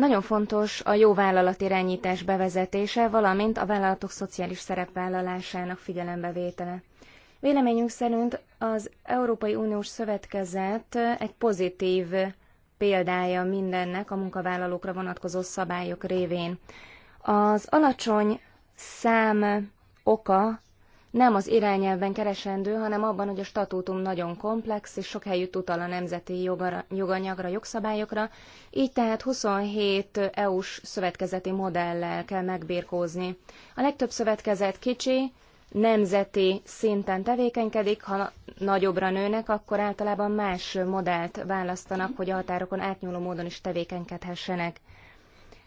Nagyon fontos a jó vállalatirányítás bevezetése, valamint a vállalatok szociális szerepvállalásának figyelembevétele. Véleményünk szerint az Európai Uniós Szövetkezet egy pozitív példája mindennek a munkavállalókra vonatkozó szabályok révén. Az alacsony szám oka nem az irányelven keresendő, hanem abban, hogy a statútum nagyon komplex, és sok helyütt utal a nemzeti jogara, joganyagra, jogszabályokra, így tehát 27 EU-s szövetkezeti modellel kell megbírkózni. A legtöbb szövetkezet kicsi, nemzeti szinten tevékenykedik, ha nagyobbra nőnek, akkor általában más modellt választanak, hogy a határokon átnyúló módon is tevékenykedhessenek.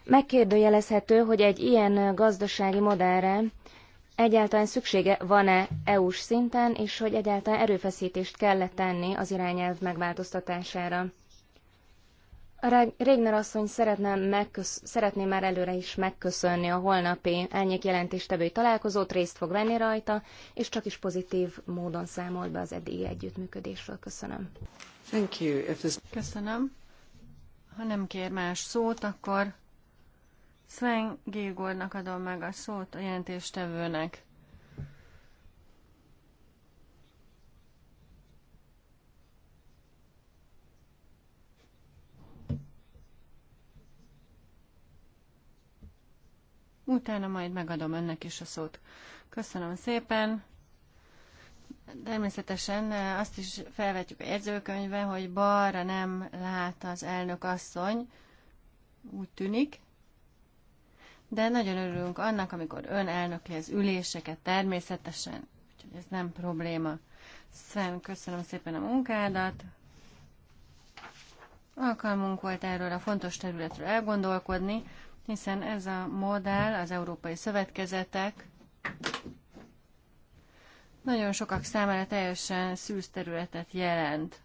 Megkérdőjelezhető, hogy egy ilyen gazdasági modellre egyáltalán szüksége van-e EU-s szinten, és hogy egyáltalán erőfeszítést kellett tenni az irányelv megváltoztatására. A Régner asszony szeretném, megkösz- szeretném már előre is megköszönni a holnapi elnyék jelentéstevői találkozót, részt fog venni rajta, és csak is pozitív módon számolt be az eddigi együttműködésről. Köszönöm. Thank you. If this... Köszönöm. Ha nem kér más szót, akkor Sven Gégornak adom meg a szót a jelentéstevőnek. Utána majd megadom önnek is a szót. Köszönöm szépen. Természetesen azt is felvetjük a jegyzőkönyve, hogy balra nem lát az elnök asszony. Úgy tűnik de nagyon örülünk annak, amikor ön elnöki az üléseket természetesen, úgyhogy ez nem probléma. Sven, köszönöm szépen a munkádat. Alkalmunk volt erről a fontos területről elgondolkodni, hiszen ez a modell, az európai szövetkezetek nagyon sokak számára teljesen szűz területet jelent.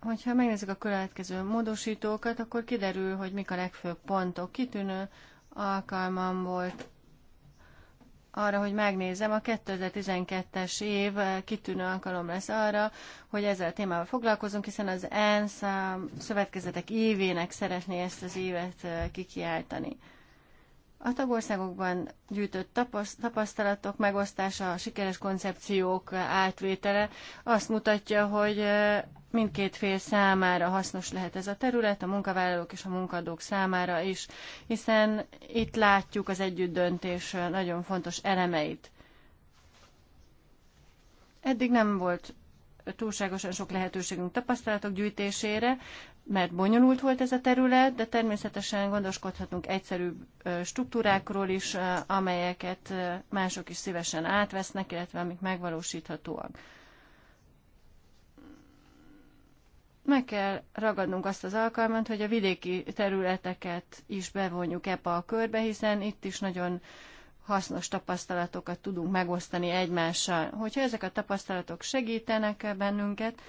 Hogyha megnézzük a következő módosítókat, akkor kiderül, hogy mik a legfőbb pontok. Kitűnő alkalmam volt arra, hogy megnézem, a 2012-es év kitűnő alkalom lesz arra, hogy ezzel a témával foglalkozunk, hiszen az ENSZ a szövetkezetek évének szeretné ezt az évet eh, kikiáltani. A tagországokban gyűjtött tapasztalatok megosztása, a sikeres koncepciók átvétele azt mutatja, hogy mindkét fél számára hasznos lehet ez a terület, a munkavállalók és a munkadók számára is, hiszen itt látjuk az együttdöntés nagyon fontos elemeit. Eddig nem volt túlságosan sok lehetőségünk tapasztalatok gyűjtésére, mert bonyolult volt ez a terület, de természetesen gondoskodhatunk egyszerűbb struktúrákról is, amelyeket mások is szívesen átvesznek, illetve amik megvalósíthatóak. meg kell ragadnunk azt az alkalmat, hogy a vidéki területeket is bevonjuk ebbe a körbe, hiszen itt is nagyon hasznos tapasztalatokat tudunk megosztani egymással. Hogyha ezek a tapasztalatok segítenek bennünket,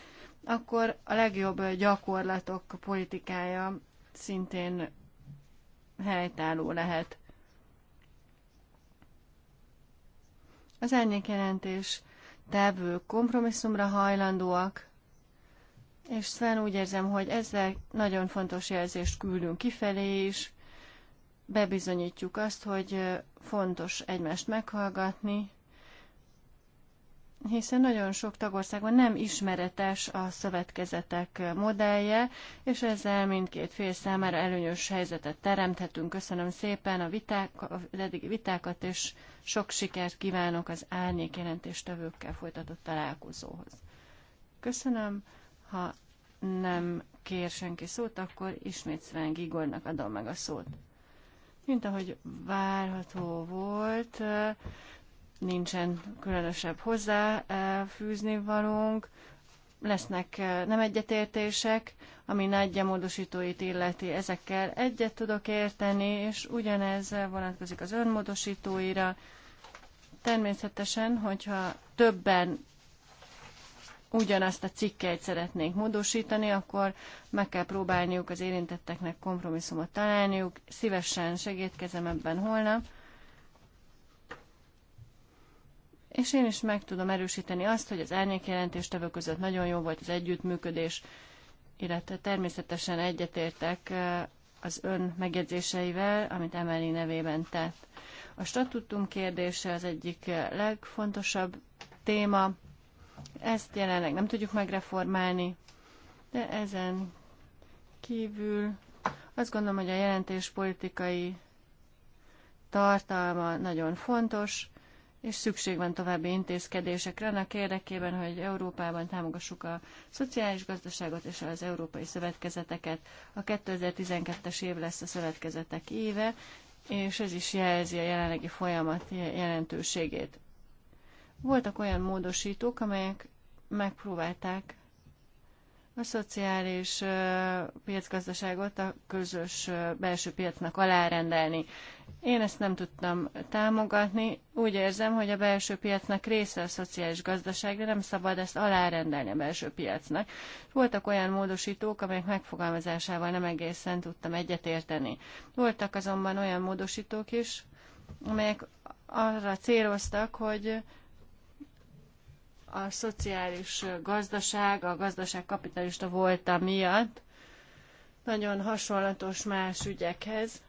akkor a legjobb gyakorlatok politikája szintén helytálló lehet. Az jelentés tevő kompromisszumra hajlandóak, és Sven úgy érzem, hogy ezzel nagyon fontos jelzést küldünk kifelé is, bebizonyítjuk azt, hogy fontos egymást meghallgatni, hiszen nagyon sok tagországban nem ismeretes a szövetkezetek modellje, és ezzel mindkét fél számára előnyös helyzetet teremthetünk. Köszönöm szépen a, viták, a eddigi vitákat, és sok sikert kívánok az árnyék jelentéstevőkkel folytatott találkozóhoz. Köszönöm, ha nem kér senki szót, akkor ismét Sven Gigornak adom meg a szót. Mint ahogy várható volt, nincsen különösebb hozzá fűzni valónk, lesznek eh, nem egyetértések, ami nagyja módosítóit illeti, ezekkel egyet tudok érteni, és ugyanez vonatkozik az önmódosítóira. Természetesen, hogyha többen ugyanazt a cikkeit szeretnénk módosítani, akkor meg kell próbálniuk az érintetteknek kompromisszumot találniuk. Szívesen segítkezem ebben holnap. És én is meg tudom erősíteni azt, hogy az árnyékjelentéstevő között nagyon jó volt az együttműködés, illetve természetesen egyetértek az ön megjegyzéseivel, amit Emeli nevében tett. A statutum kérdése az egyik legfontosabb téma, ezt jelenleg nem tudjuk megreformálni, de ezen kívül azt gondolom, hogy a jelentés politikai tartalma nagyon fontos, és szükség van további intézkedésekre annak érdekében, hogy Európában támogassuk a szociális gazdaságot és az európai szövetkezeteket. A 2012-es év lesz a szövetkezetek éve, és ez is jelzi a jelenlegi folyamat jelentőségét. Voltak olyan módosítók, amelyek megpróbálták a szociális piacgazdaságot a közös belső piacnak alárendelni. Én ezt nem tudtam támogatni. Úgy érzem, hogy a belső piacnak része a szociális gazdaság, de nem szabad ezt alárendelni a belső piacnak. Voltak olyan módosítók, amelyek megfogalmazásával nem egészen tudtam egyetérteni. Voltak azonban olyan módosítók is, amelyek arra céloztak, hogy a szociális gazdaság, a gazdaság kapitalista volta miatt, nagyon hasonlatos más ügyekhez.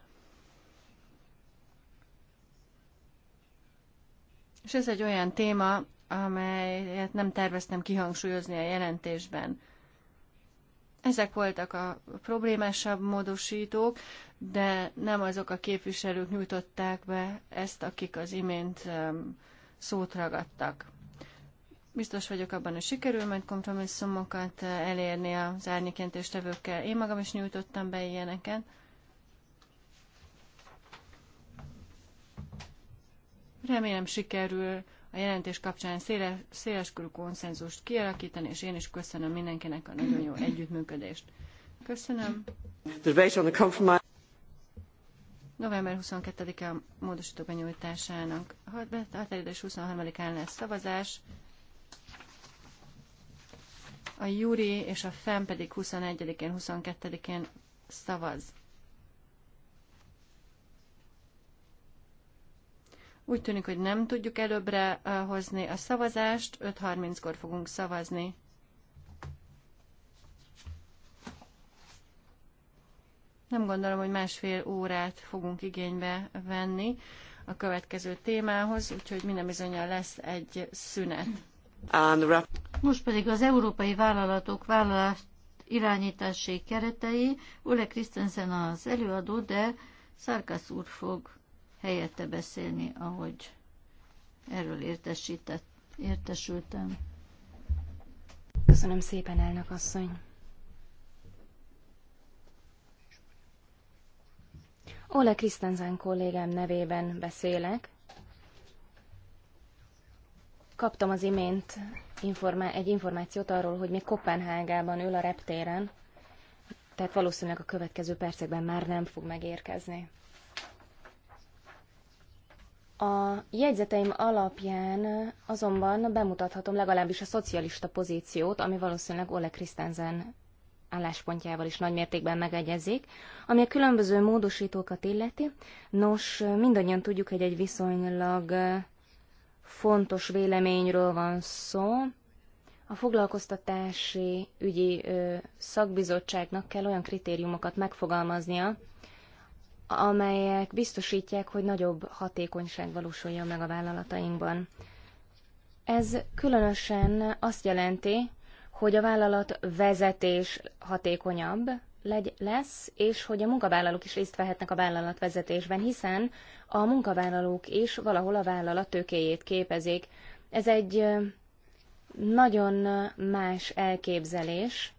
És ez egy olyan téma, amelyet nem terveztem kihangsúlyozni a jelentésben. Ezek voltak a problémásabb módosítók, de nem azok a képviselők nyújtották be ezt, akik az imént um, szót ragadtak. Biztos vagyok abban, hogy sikerül majd kompromisszumokat eh, elérni az tevőkkel. Én magam is nyújtottam be ilyeneket. Remélem sikerül a jelentés kapcsán széles, széleskörű konszenzust kialakítani, és én is köszönöm mindenkinek a nagyon jó együttműködést. Köszönöm. November 22-e a módosítók benyújtásának. 23-án lesz szavazás a Júri és a FEM pedig 21-én, 22-én szavaz. Úgy tűnik, hogy nem tudjuk előbbre hozni a szavazást, 5.30-kor fogunk szavazni. Nem gondolom, hogy másfél órát fogunk igénybe venni a következő témához, úgyhogy minden bizonyal lesz egy szünet. Most pedig az európai vállalatok vállalást irányítási keretei. Ole Christensen az előadó, de Szarkasz úr fog helyette beszélni, ahogy erről értesített, értesültem. Köszönöm szépen, elnök asszony. Ole Christensen kollégám nevében beszélek, Kaptam az imént informá- egy információt arról, hogy még Kopenhágában ül a reptéren, tehát valószínűleg a következő percekben már nem fog megérkezni. A jegyzeteim alapján azonban bemutathatom legalábbis a szocialista pozíciót, ami valószínűleg Ole Christensen álláspontjával is nagymértékben megegyezik, ami a különböző módosítókat illeti. Nos, mindannyian tudjuk, hogy egy viszonylag fontos véleményről van szó. A foglalkoztatási ügyi szakbizottságnak kell olyan kritériumokat megfogalmaznia, amelyek biztosítják, hogy nagyobb hatékonyság valósuljon meg a vállalatainkban. Ez különösen azt jelenti, hogy a vállalat vezetés hatékonyabb, legy- lesz, és hogy a munkavállalók is részt vehetnek a vállalatvezetésben, hiszen a munkavállalók is valahol a vállalat tőkéjét képezik. Ez egy nagyon más elképzelés,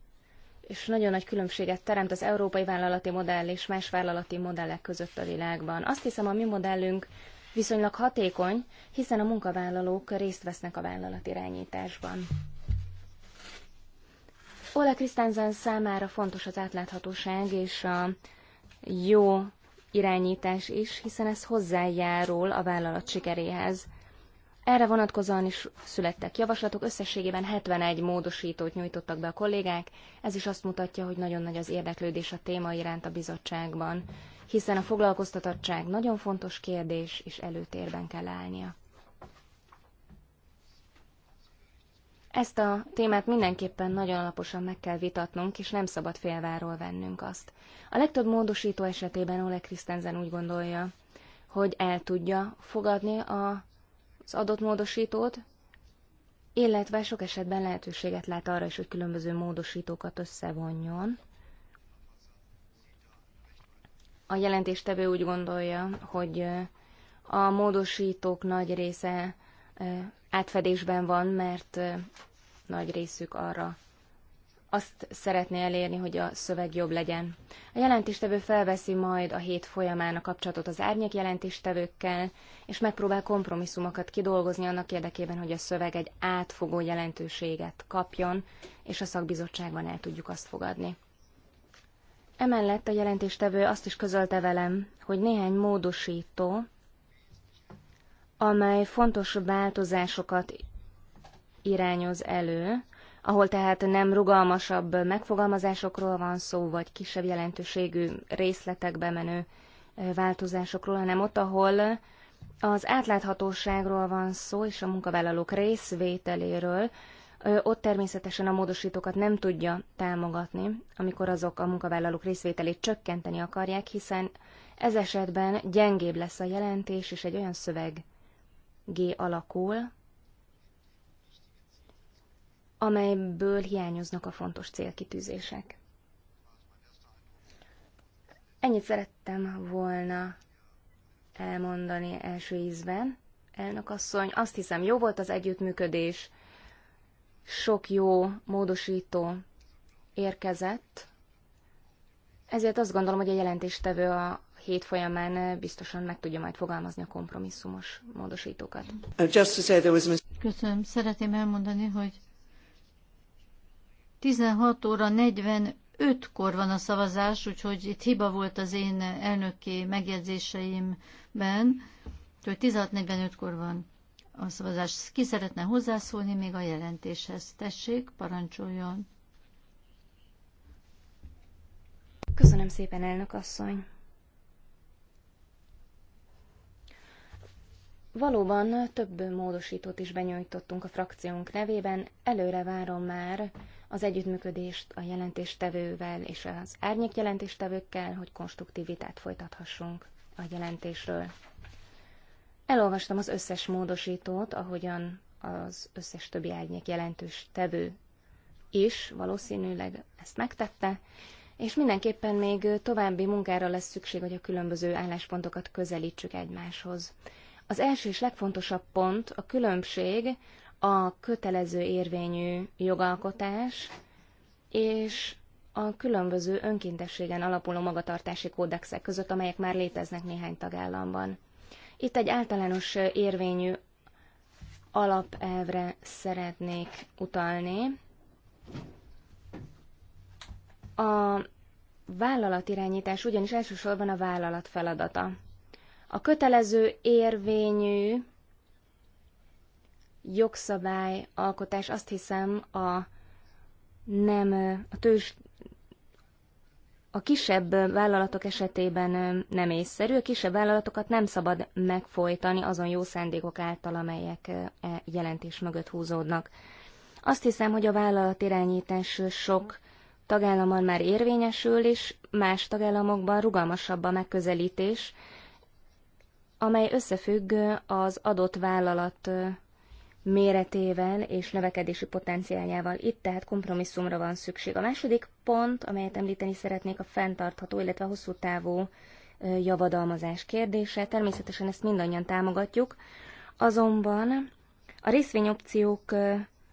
és nagyon nagy különbséget teremt az európai vállalati modell és más vállalati modellek között a világban. Azt hiszem, a mi modellünk viszonylag hatékony, hiszen a munkavállalók részt vesznek a vállalat irányításban. Ole Krisztánzen számára fontos az átláthatóság és a jó irányítás is, hiszen ez hozzájárul a vállalat sikeréhez. Erre vonatkozóan is születtek javaslatok, összességében 71 módosítót nyújtottak be a kollégák, ez is azt mutatja, hogy nagyon nagy az érdeklődés a téma iránt a bizottságban, hiszen a foglalkoztatottság nagyon fontos kérdés, és előtérben kell állnia. Ezt a témát mindenképpen nagyon alaposan meg kell vitatnunk, és nem szabad félváról vennünk azt. A legtöbb módosító esetében Ole Krisztenzen úgy gondolja, hogy el tudja fogadni a, az adott módosítót, illetve sok esetben lehetőséget lát arra is, hogy különböző módosítókat összevonjon. A jelentéstevő úgy gondolja, hogy a módosítók nagy része átfedésben van, mert nagy részük arra azt szeretné elérni, hogy a szöveg jobb legyen. A jelentéstevő felveszi majd a hét folyamán a kapcsolatot az árnyék jelentéstevőkkel, és megpróbál kompromisszumokat kidolgozni annak érdekében, hogy a szöveg egy átfogó jelentőséget kapjon, és a szakbizottságban el tudjuk azt fogadni. Emellett a jelentéstevő azt is közölte velem, hogy néhány módosító amely fontos változásokat irányoz elő, ahol tehát nem rugalmasabb megfogalmazásokról van szó, vagy kisebb jelentőségű részletekbe menő változásokról, hanem ott, ahol az átláthatóságról van szó, és a munkavállalók részvételéről, ott természetesen a módosítókat nem tudja támogatni, amikor azok a munkavállalók részvételét csökkenteni akarják, hiszen ez esetben gyengébb lesz a jelentés, és egy olyan szöveg G alakul, amelyből hiányoznak a fontos célkitűzések. Ennyit szerettem volna elmondani első ízben. Elnök asszony, azt hiszem, jó volt az együttműködés, sok jó módosító érkezett, ezért azt gondolom, hogy a jelentéstevő a hét folyamán eh, biztosan meg tudja majd fogalmazni a kompromisszumos módosítókat. Uh, Köszönöm. Szeretném elmondani, hogy 16 óra 45-kor van a szavazás, úgyhogy itt hiba volt az én elnöki megjegyzéseimben, hogy 16.45-kor van a szavazás. Ki szeretne hozzászólni még a jelentéshez? Tessék, parancsoljon. Köszönöm szépen, elnök asszony. Valóban több módosítót is benyújtottunk a frakciónk nevében, előre várom már az együttműködést a jelentéstevővel és az árnyék jelentéstevőkkel, hogy konstruktív vitát folytathassunk a jelentésről. Elolvastam az összes módosítót, ahogyan az összes többi árnyék jelentős tevő is valószínűleg ezt megtette, és mindenképpen még további munkára lesz szükség, hogy a különböző álláspontokat közelítsük egymáshoz. Az első és legfontosabb pont a különbség a kötelező érvényű jogalkotás és a különböző önkéntességen alapuló magatartási kódexek között, amelyek már léteznek néhány tagállamban. Itt egy általános érvényű alapelvre szeretnék utalni. A vállalatirányítás ugyanis elsősorban a vállalat feladata. A kötelező érvényű jogszabály alkotás azt hiszem a nem a tős, a kisebb vállalatok esetében nem észszerű, a kisebb vállalatokat nem szabad megfojtani azon jó szándékok által, amelyek e jelentés mögött húzódnak. Azt hiszem, hogy a vállalatirányítás sok tagállamon már érvényesül, és más tagállamokban rugalmasabb a megközelítés, amely összefügg az adott vállalat méretével és növekedési potenciáljával. Itt tehát kompromisszumra van szükség. A második pont, amelyet említeni szeretnék, a fenntartható, illetve a hosszú távú javadalmazás kérdése. Természetesen ezt mindannyian támogatjuk, azonban a részvényopciók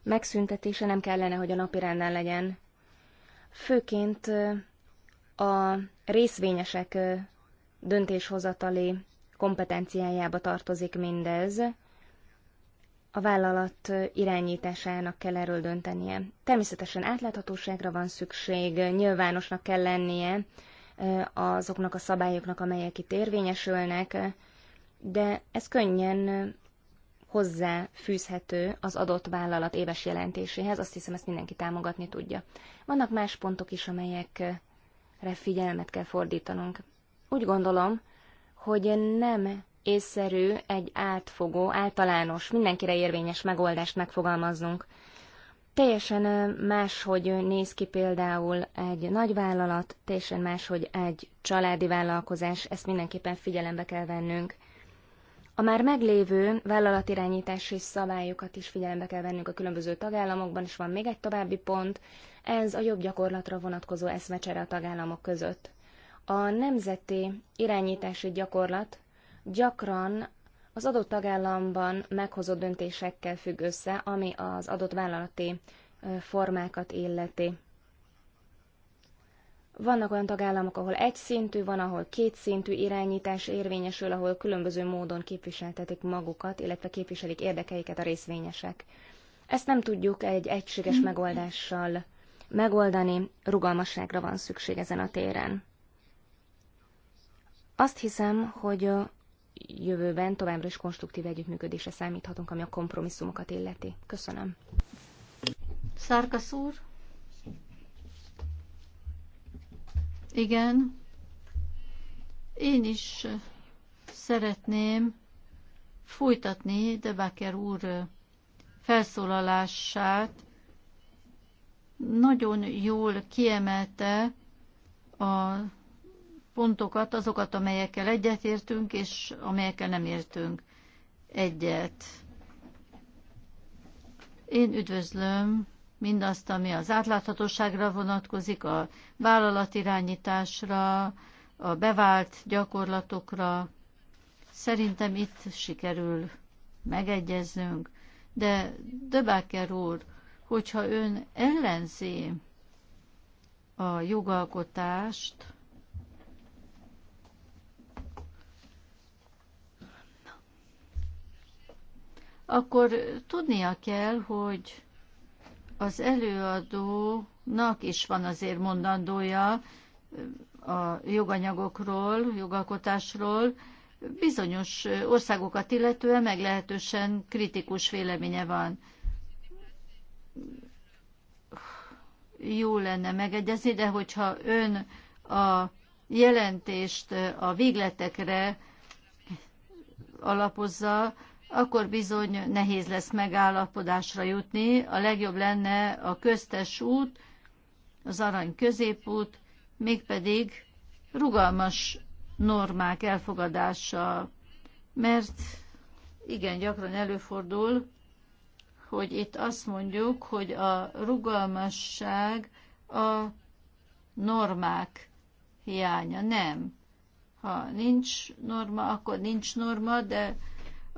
megszüntetése nem kellene, hogy a napi legyen. Főként a részvényesek döntéshozatali kompetenciájába tartozik mindez, a vállalat irányításának kell erről döntenie. Természetesen átláthatóságra van szükség, nyilvánosnak kell lennie eh, azoknak a szabályoknak, amelyek itt érvényesülnek, de ez könnyen hozzáfűzhető az adott vállalat éves jelentéséhez, azt hiszem ezt mindenki támogatni tudja. Vannak más pontok is, amelyekre figyelmet kell fordítanunk. Úgy gondolom, hogy nem észszerű egy átfogó, általános, mindenkire érvényes megoldást megfogalmaznunk. Teljesen máshogy néz ki például egy nagyvállalat, teljesen máshogy egy családi vállalkozás, ezt mindenképpen figyelembe kell vennünk. A már meglévő vállalatirányítási szabályokat is figyelembe kell vennünk a különböző tagállamokban, és van még egy további pont, ez a jobb gyakorlatra vonatkozó eszmecsere a tagállamok között. A nemzeti irányítási gyakorlat gyakran az adott tagállamban meghozott döntésekkel függ össze, ami az adott vállalati formákat illeti. Vannak olyan tagállamok, ahol egyszintű, van, ahol kétszintű irányítás érvényesül, ahol különböző módon képviseltetik magukat, illetve képviselik érdekeiket a részvényesek. Ezt nem tudjuk egy egységes megoldással megoldani, rugalmasságra van szükség ezen a téren. Azt hiszem, hogy a jövőben továbbra is konstruktív együttműködésre számíthatunk, ami a kompromisszumokat illeti. Köszönöm. Szárkasz úr? Igen. Én is szeretném folytatni Debaker úr felszólalását. Nagyon jól kiemelte a pontokat, azokat, amelyekkel egyetértünk, és amelyekkel nem értünk egyet. Én üdvözlöm mindazt, ami az átláthatóságra vonatkozik, a vállalatirányításra, a bevált gyakorlatokra. Szerintem itt sikerül megegyeznünk. De Döbáker úr, hogyha ön ellenzi a jogalkotást, akkor tudnia kell, hogy az előadónak is van azért mondandója a joganyagokról, jogalkotásról, bizonyos országokat illetően meglehetősen kritikus véleménye van. Jó lenne megegyezni, de hogyha ön a jelentést a végletekre alapozza, akkor bizony nehéz lesz megállapodásra jutni. A legjobb lenne a köztes út, az arany középút, mégpedig rugalmas normák elfogadása, mert igen, gyakran előfordul, hogy itt azt mondjuk, hogy a rugalmasság a normák hiánya. Nem. Ha nincs norma, akkor nincs norma, de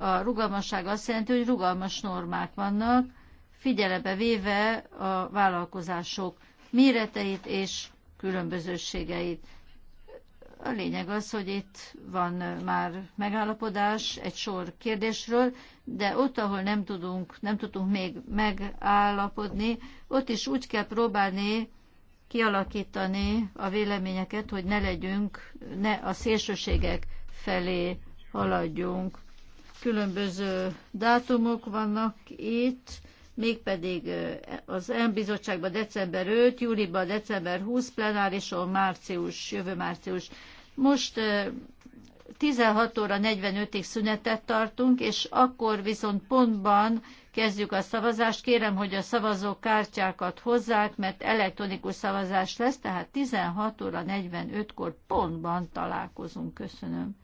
a rugalmasság azt jelenti, hogy rugalmas normák vannak, figyelembe véve a vállalkozások méreteit és különbözőségeit. A lényeg az, hogy itt van már megállapodás egy sor kérdésről, de ott, ahol nem tudunk, nem tudunk még megállapodni, ott is úgy kell próbálni kialakítani a véleményeket, hogy ne legyünk, ne a szélsőségek felé haladjunk különböző dátumok vannak itt, mégpedig az M bizottságban december 5, júliban december 20, plenárison március, jövő március. Most 16 óra 45-ig szünetet tartunk, és akkor viszont pontban kezdjük a szavazást. Kérem, hogy a szavazók kártyákat hozzák, mert elektronikus szavazás lesz, tehát 16 óra 45-kor pontban találkozunk. Köszönöm.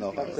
No, hát...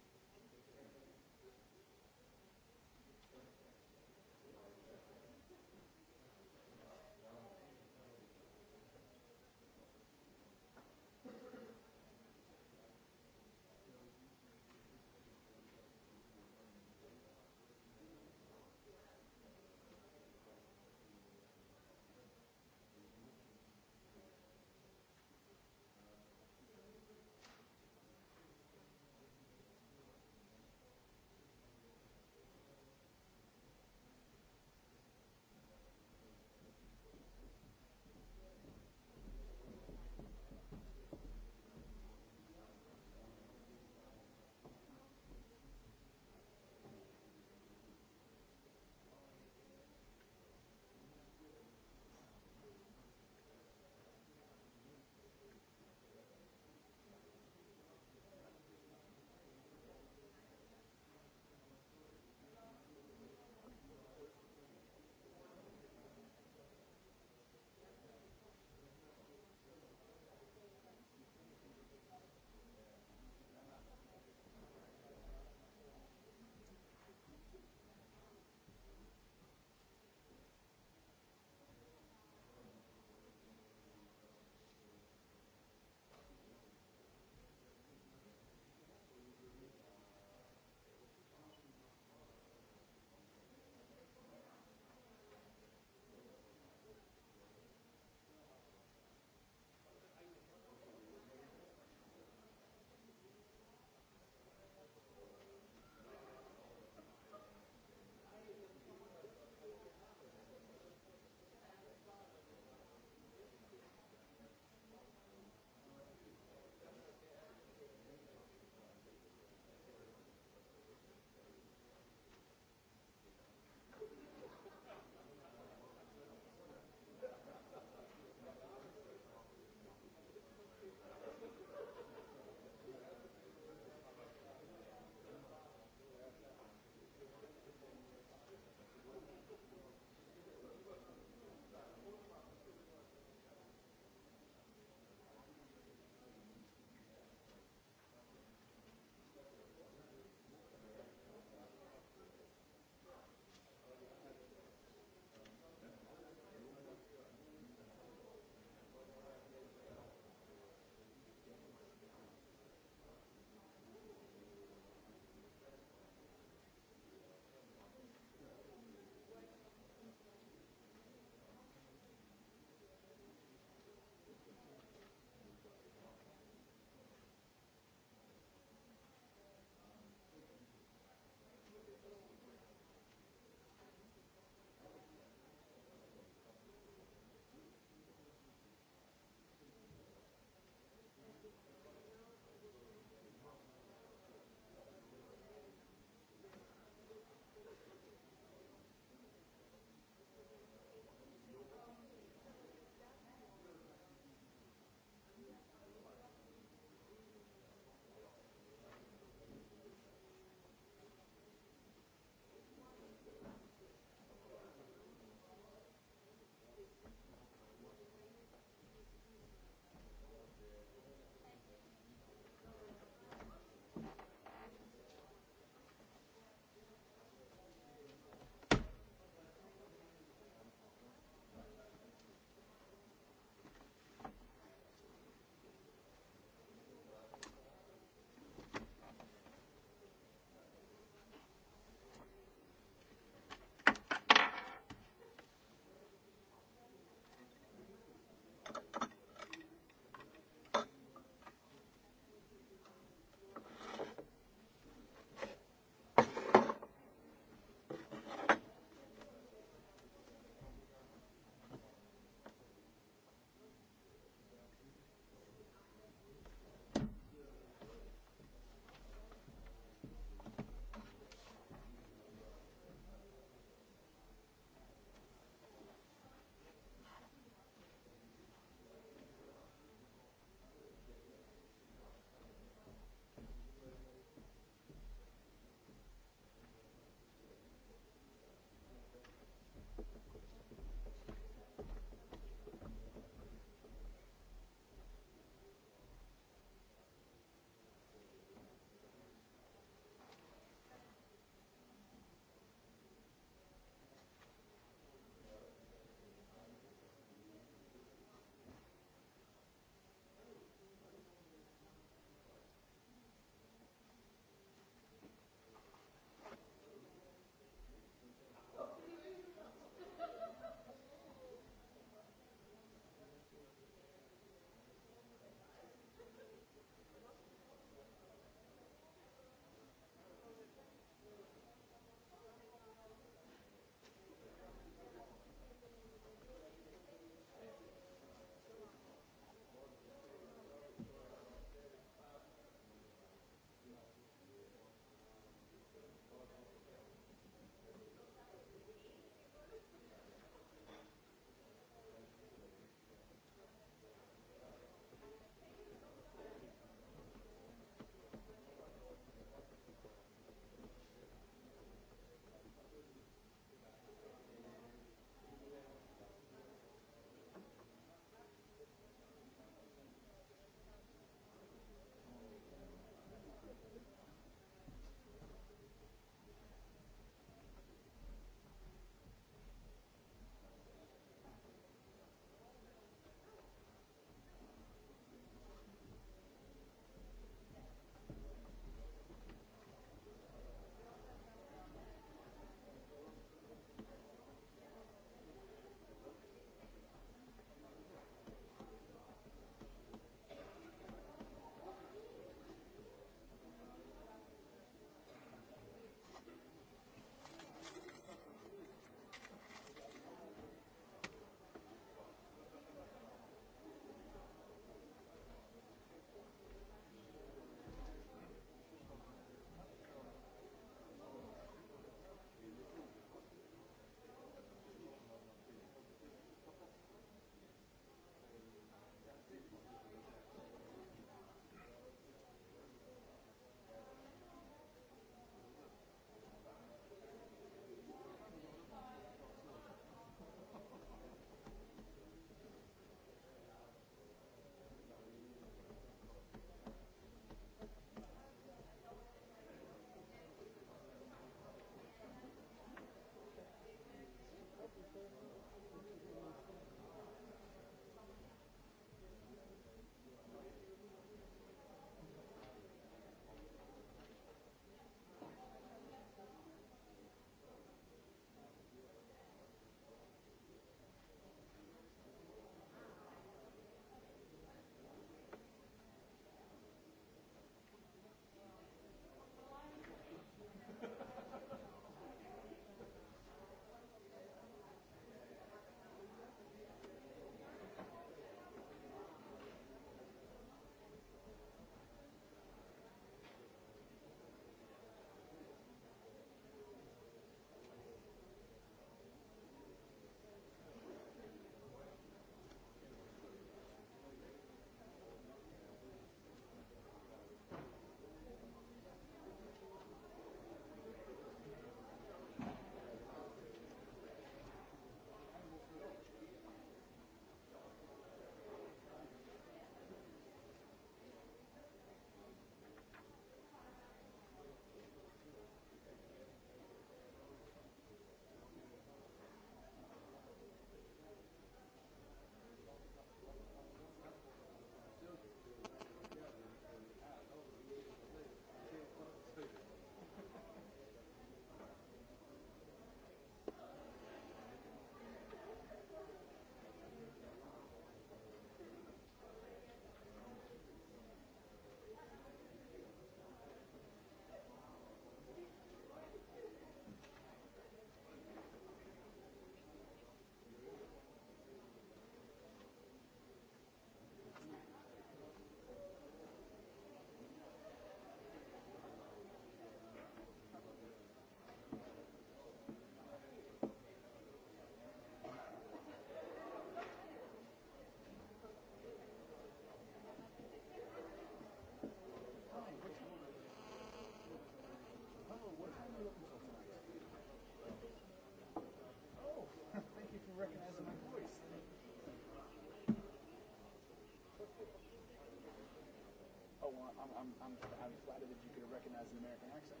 has an American accent.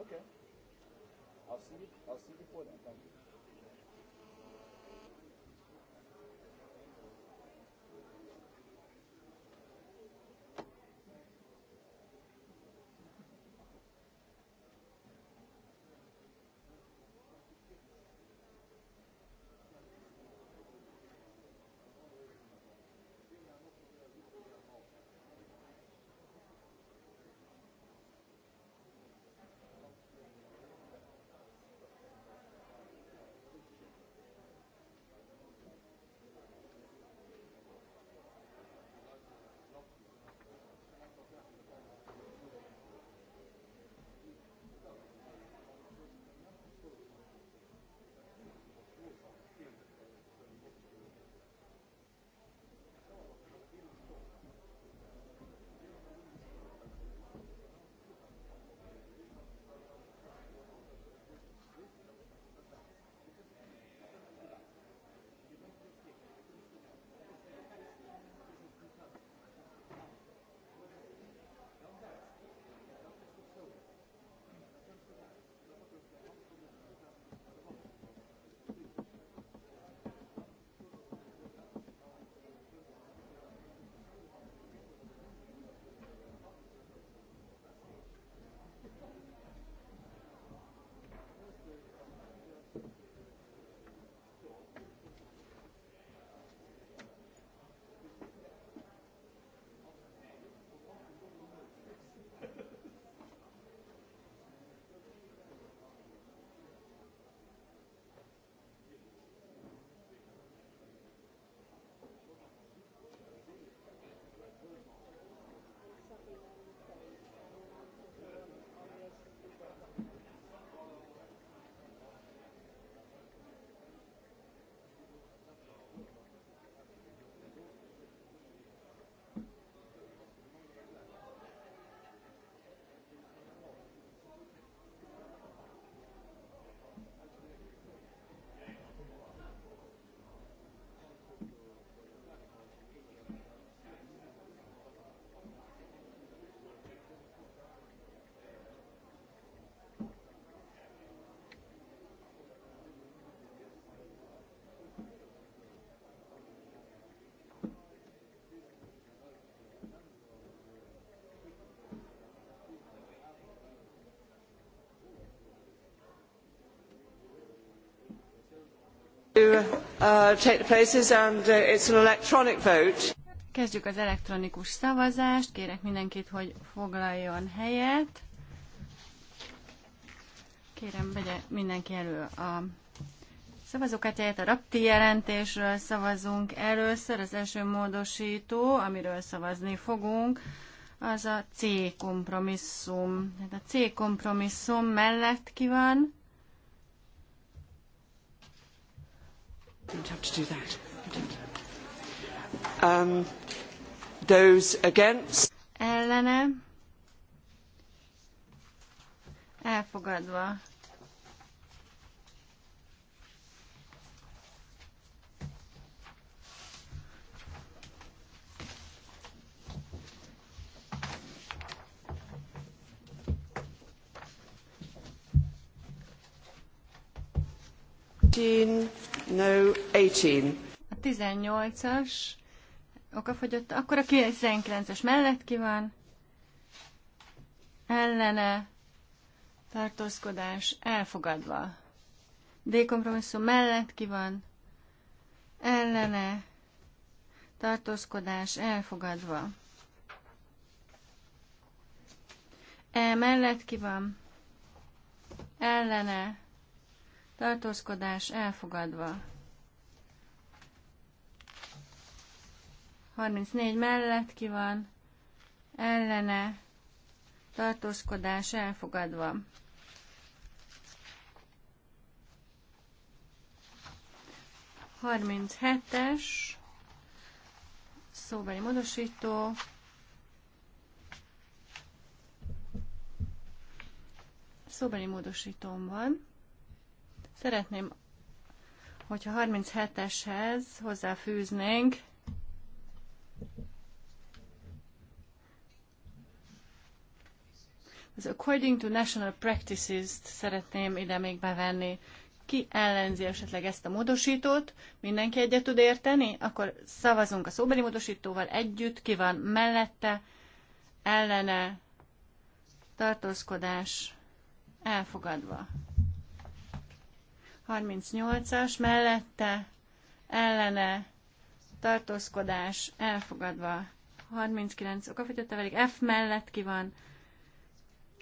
Okay. I'll see you. I'll see you before then. Thank you. Kezdjük az elektronikus szavazást. Kérek mindenkit, hogy foglaljon helyet. Kérem, vegye mindenki elő a szavazókártyáját. A rapti jelentésről szavazunk először. Az első módosító, amiről szavazni fogunk, az a C kompromisszum. a C kompromisszum mellett ki van? have to do that. Um, those against. Ellene. Elfogadva. Dean. A 18-as okafogyott, akkor a 19-es mellett ki van, ellene, tartózkodás, elfogadva. D kompromisszum mellett ki van, ellene, tartózkodás, elfogadva. E mellett ki van, ellene, tartózkodás elfogadva. 34 mellett ki van, ellene, tartózkodás elfogadva. Harminc hetes, szóbeli módosító, szóbeli módosítóm van. Szeretném, hogyha 37-eshez hozzáfűznénk az according to national practices-t szeretném ide még bevenni. Ki ellenzi esetleg ezt a módosítót? Mindenki egyet tud érteni? Akkor szavazunk a szóbeli módosítóval együtt, ki van mellette, ellene, tartózkodás, elfogadva. 38-as mellette ellene tartózkodás elfogadva 39 okafogyott, velük, F mellett ki van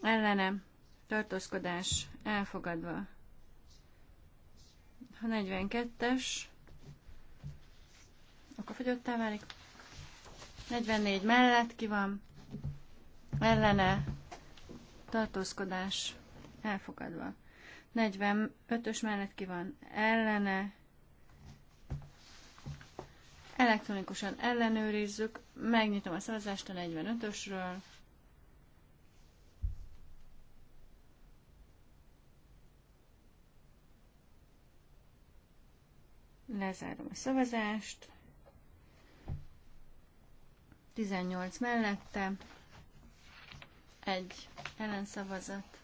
ellene tartózkodás elfogadva. A 42-es okafogyottá válik. 44 mellett ki van ellene tartózkodás elfogadva. 45-ös mellett ki van ellene. Elektronikusan ellenőrizzük. Megnyitom a szavazást a 45-ösről. Lezárom a szavazást. 18 mellette, egy ellenszavazat,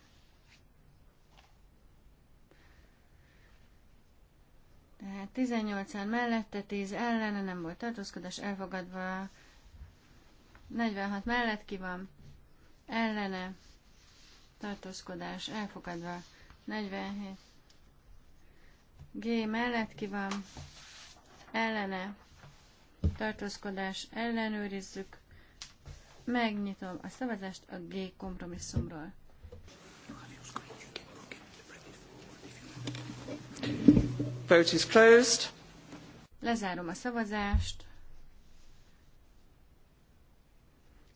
Tehát 18 án mellette, 10 ellene nem volt tartózkodás, elfogadva 46 mellett ki van, ellene tartózkodás, elfogadva 47. G mellett ki van, ellene tartózkodás, ellenőrizzük, megnyitom a szavazást a G kompromisszumról. Vote is closed. Lezárom a szavazást.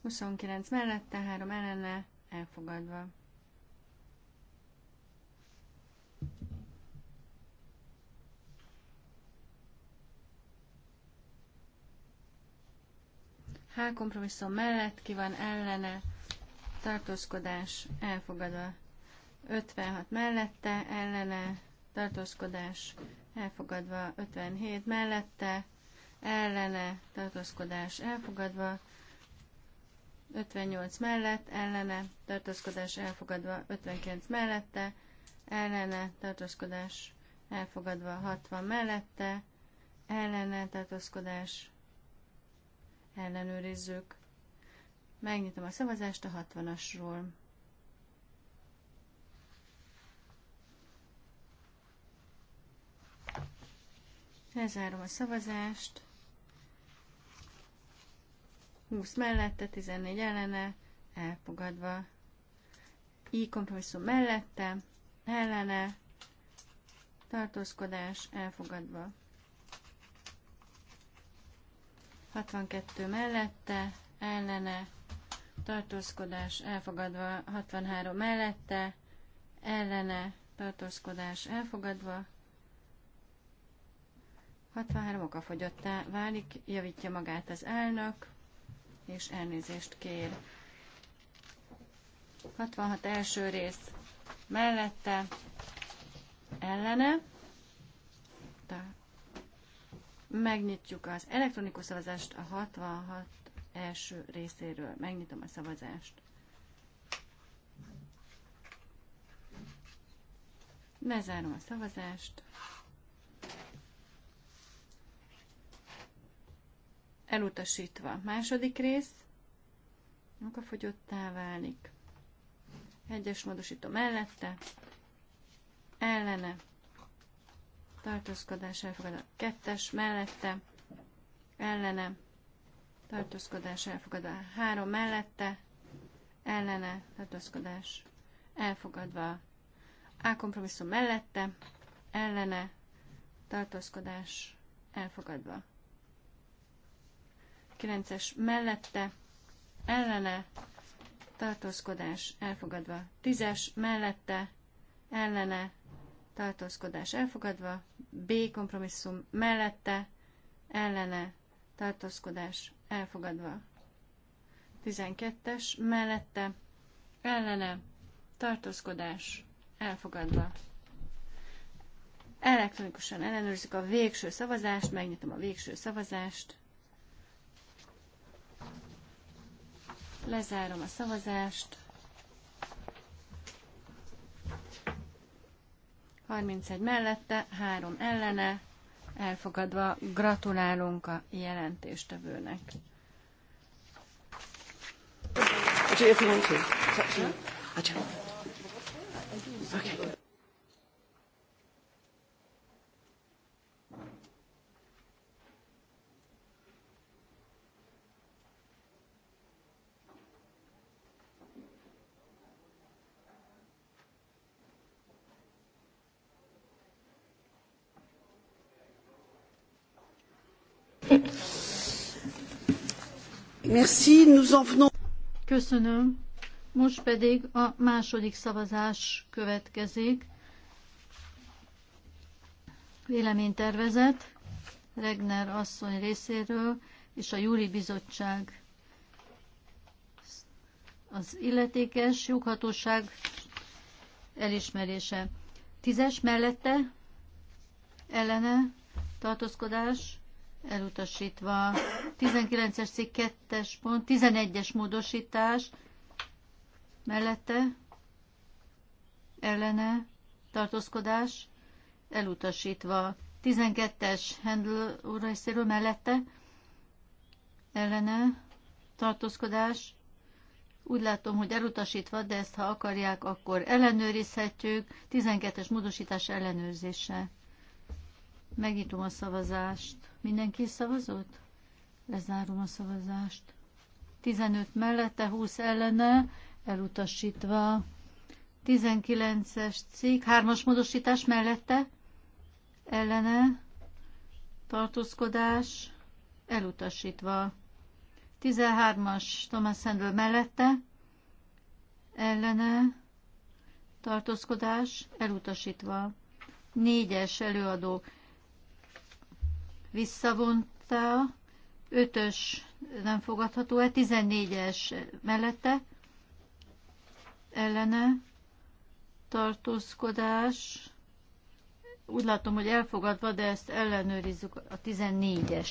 29 mellette, 3 ellene, elfogadva. H kompromisszum mellett ki van ellene, tartózkodás elfogadva. 56 mellette, ellene, tartózkodás elfogadva 57 mellette, ellene tartózkodás elfogadva 58 mellett, ellene tartózkodás elfogadva 59 mellette, ellene tartózkodás elfogadva 60 mellette, ellene tartózkodás ellenőrizzük. Megnyitom a szavazást a 60-asról. Lezárom a szavazást. 20 mellette, 14 ellene, elfogadva. I kompromisszum mellette, ellene, tartózkodás, elfogadva. 62 mellette, ellene, tartózkodás, elfogadva. 63 mellette, ellene, tartózkodás, elfogadva. 63 oka fogyottá válik, javítja magát az elnök, és elnézést kér. 66 első rész mellette, ellene. De megnyitjuk az elektronikus szavazást a 66 első részéről. Megnyitom a szavazást. Lezárom a szavazást. elutasítva. Második rész, munkafogyottá válik. Egyes módosító mellette, ellene, tartózkodás elfogadva. Kettes mellette, ellene, tartózkodás elfogadva. Három mellette, ellene, tartózkodás elfogadva. A kompromisszum mellette, ellene, tartózkodás elfogadva. 9-es mellette, ellene, tartózkodás elfogadva. 10-es mellette, ellene, tartózkodás elfogadva. B kompromisszum mellette, ellene, tartózkodás elfogadva. 12-es mellette, ellene, tartózkodás elfogadva. Elektronikusan ellenőrzik a végső szavazást, megnyitom a végső szavazást. lezárom a szavazást. 31 mellette, 3 ellene, elfogadva gratulálunk a jelentéstevőnek. Okay. Merci, nous en venons. Köszönöm. Most pedig a második szavazás következik. Véleménytervezet Regner asszony részéről és a Júri Bizottság az illetékes joghatóság elismerése. Tízes mellette ellene tartózkodás elutasítva. 19-es cikk 2-es pont, 11-es módosítás mellette ellene tartózkodás elutasítva. 12-es Handel úr részéről mellette ellene tartózkodás. Úgy látom, hogy elutasítva, de ezt ha akarják, akkor ellenőrizhetjük. 12-es módosítás ellenőrzése. Megnyitom a szavazást. Mindenki szavazott? Lezárom a szavazást. 15 mellette, 20 ellene, elutasítva. 19-es cikk, 3-as módosítás mellette, ellene, tartózkodás, elutasítva. 13-as Thomas Sandler mellette, ellene, tartózkodás, elutasítva. 4-es előadó visszavonta, ötös nem fogadható el, 14-es mellette ellene tartózkodás. Úgy látom, hogy elfogadva, de ezt ellenőrizzük a 14-es.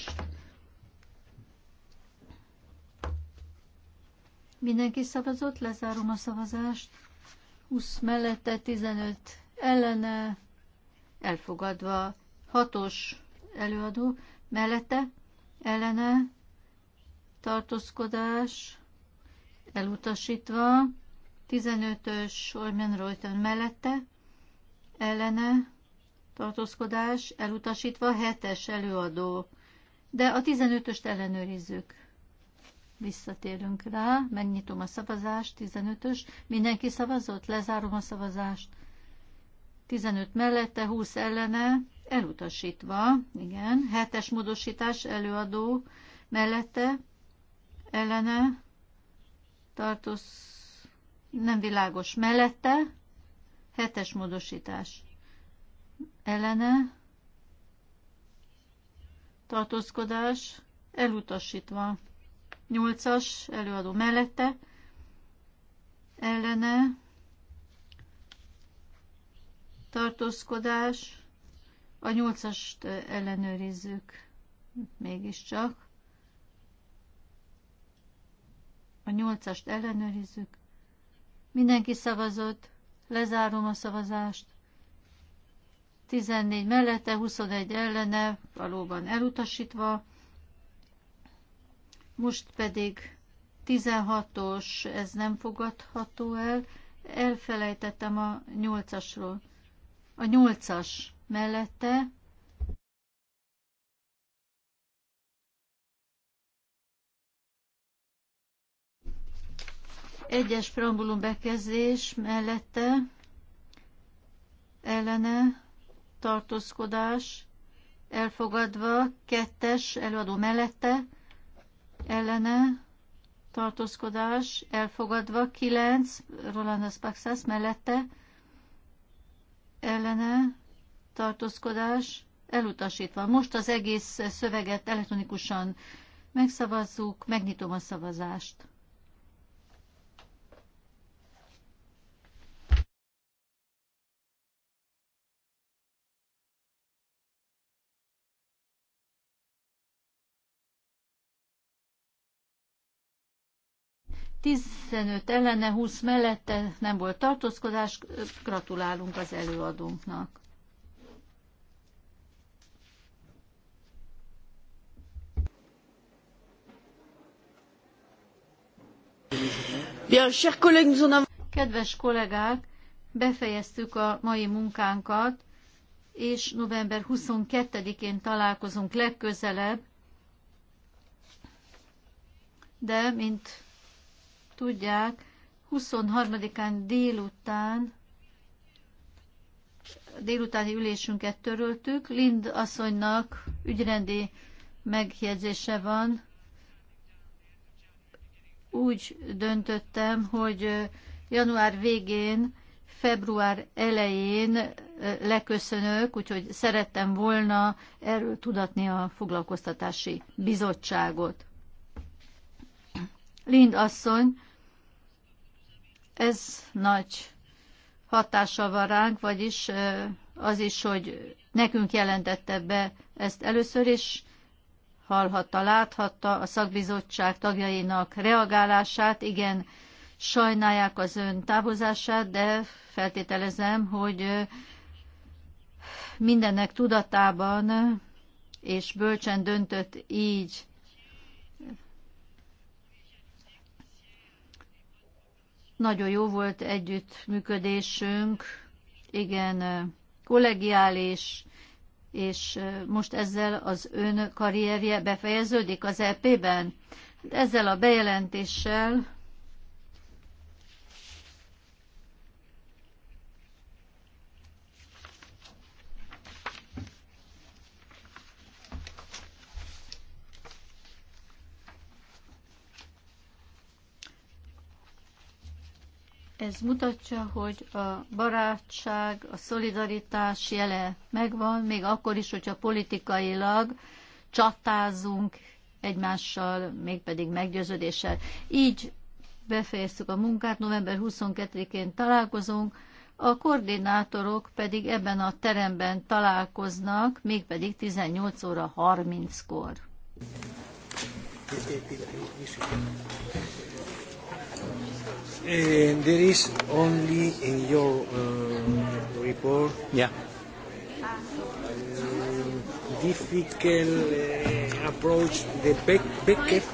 Mindenki szavazott, lezárom a szavazást. 20 mellette, 15 ellene, elfogadva. 6-os előadó, mellette ellene tartózkodás elutasítva, 15-ös Ormen Reuten mellette ellene tartózkodás elutasítva, 7-es előadó, de a 15-öst ellenőrizzük. Visszatérünk rá, megnyitom a szavazást, 15-ös, mindenki szavazott, lezárom a szavazást. 15 mellette, 20 ellene, elutasítva, igen, hetes módosítás előadó mellette, ellene, tartós nem világos, mellette, hetes módosítás ellene, tartózkodás elutasítva, nyolcas előadó mellette, ellene, tartózkodás, a nyolcast ellenőrizzük mégiscsak. A nyolcast ellenőrizzük. Mindenki szavazott. Lezárom a szavazást. 14 mellette, 21 ellene, valóban elutasítva. Most pedig 16-os, ez nem fogadható el. Elfelejtettem a 8-asról. A 8-as mellette egyes preambulum bekezdés mellette ellene tartózkodás elfogadva, kettes előadó mellette ellene tartózkodás elfogadva, kilenc Rolandas Paxas mellette ellene tartózkodás elutasítva. Most az egész szöveget elektronikusan megszavazzuk, megnyitom a szavazást. Tizenöt ellene, 20 mellette nem volt tartózkodás. Gratulálunk az előadónknak. Kedves kollégák, befejeztük a mai munkánkat, és november 22-én találkozunk legközelebb, de, mint tudják, 23-án délután délutáni ülésünket töröltük. Lind asszonynak ügyrendi megjegyzése van, úgy döntöttem, hogy január végén, február elején leköszönök, úgyhogy szerettem volna erről tudatni a foglalkoztatási bizottságot. Lind asszony, ez nagy hatással van ránk, vagyis az is, hogy nekünk jelentette be ezt először, és hallhatta, láthatta a szakbizottság tagjainak reagálását. Igen, sajnálják az ön távozását, de feltételezem, hogy mindennek tudatában és bölcsen döntött így. Nagyon jó volt együttműködésünk, igen, kollegiális, és most ezzel az ön karrierje befejeződik az EP-ben? Hát ezzel a bejelentéssel Ez mutatja, hogy a barátság, a szolidaritás jele megvan, még akkor is, hogyha politikailag csatázunk egymással, mégpedig meggyőződéssel. Így befejeztük a munkát, november 22-én találkozunk, a koordinátorok pedig ebben a teremben találkoznak, mégpedig 18 óra 30-kor. Uh, there is only in your uh, report. Yeah. Uh, difficult uh, approach the back, back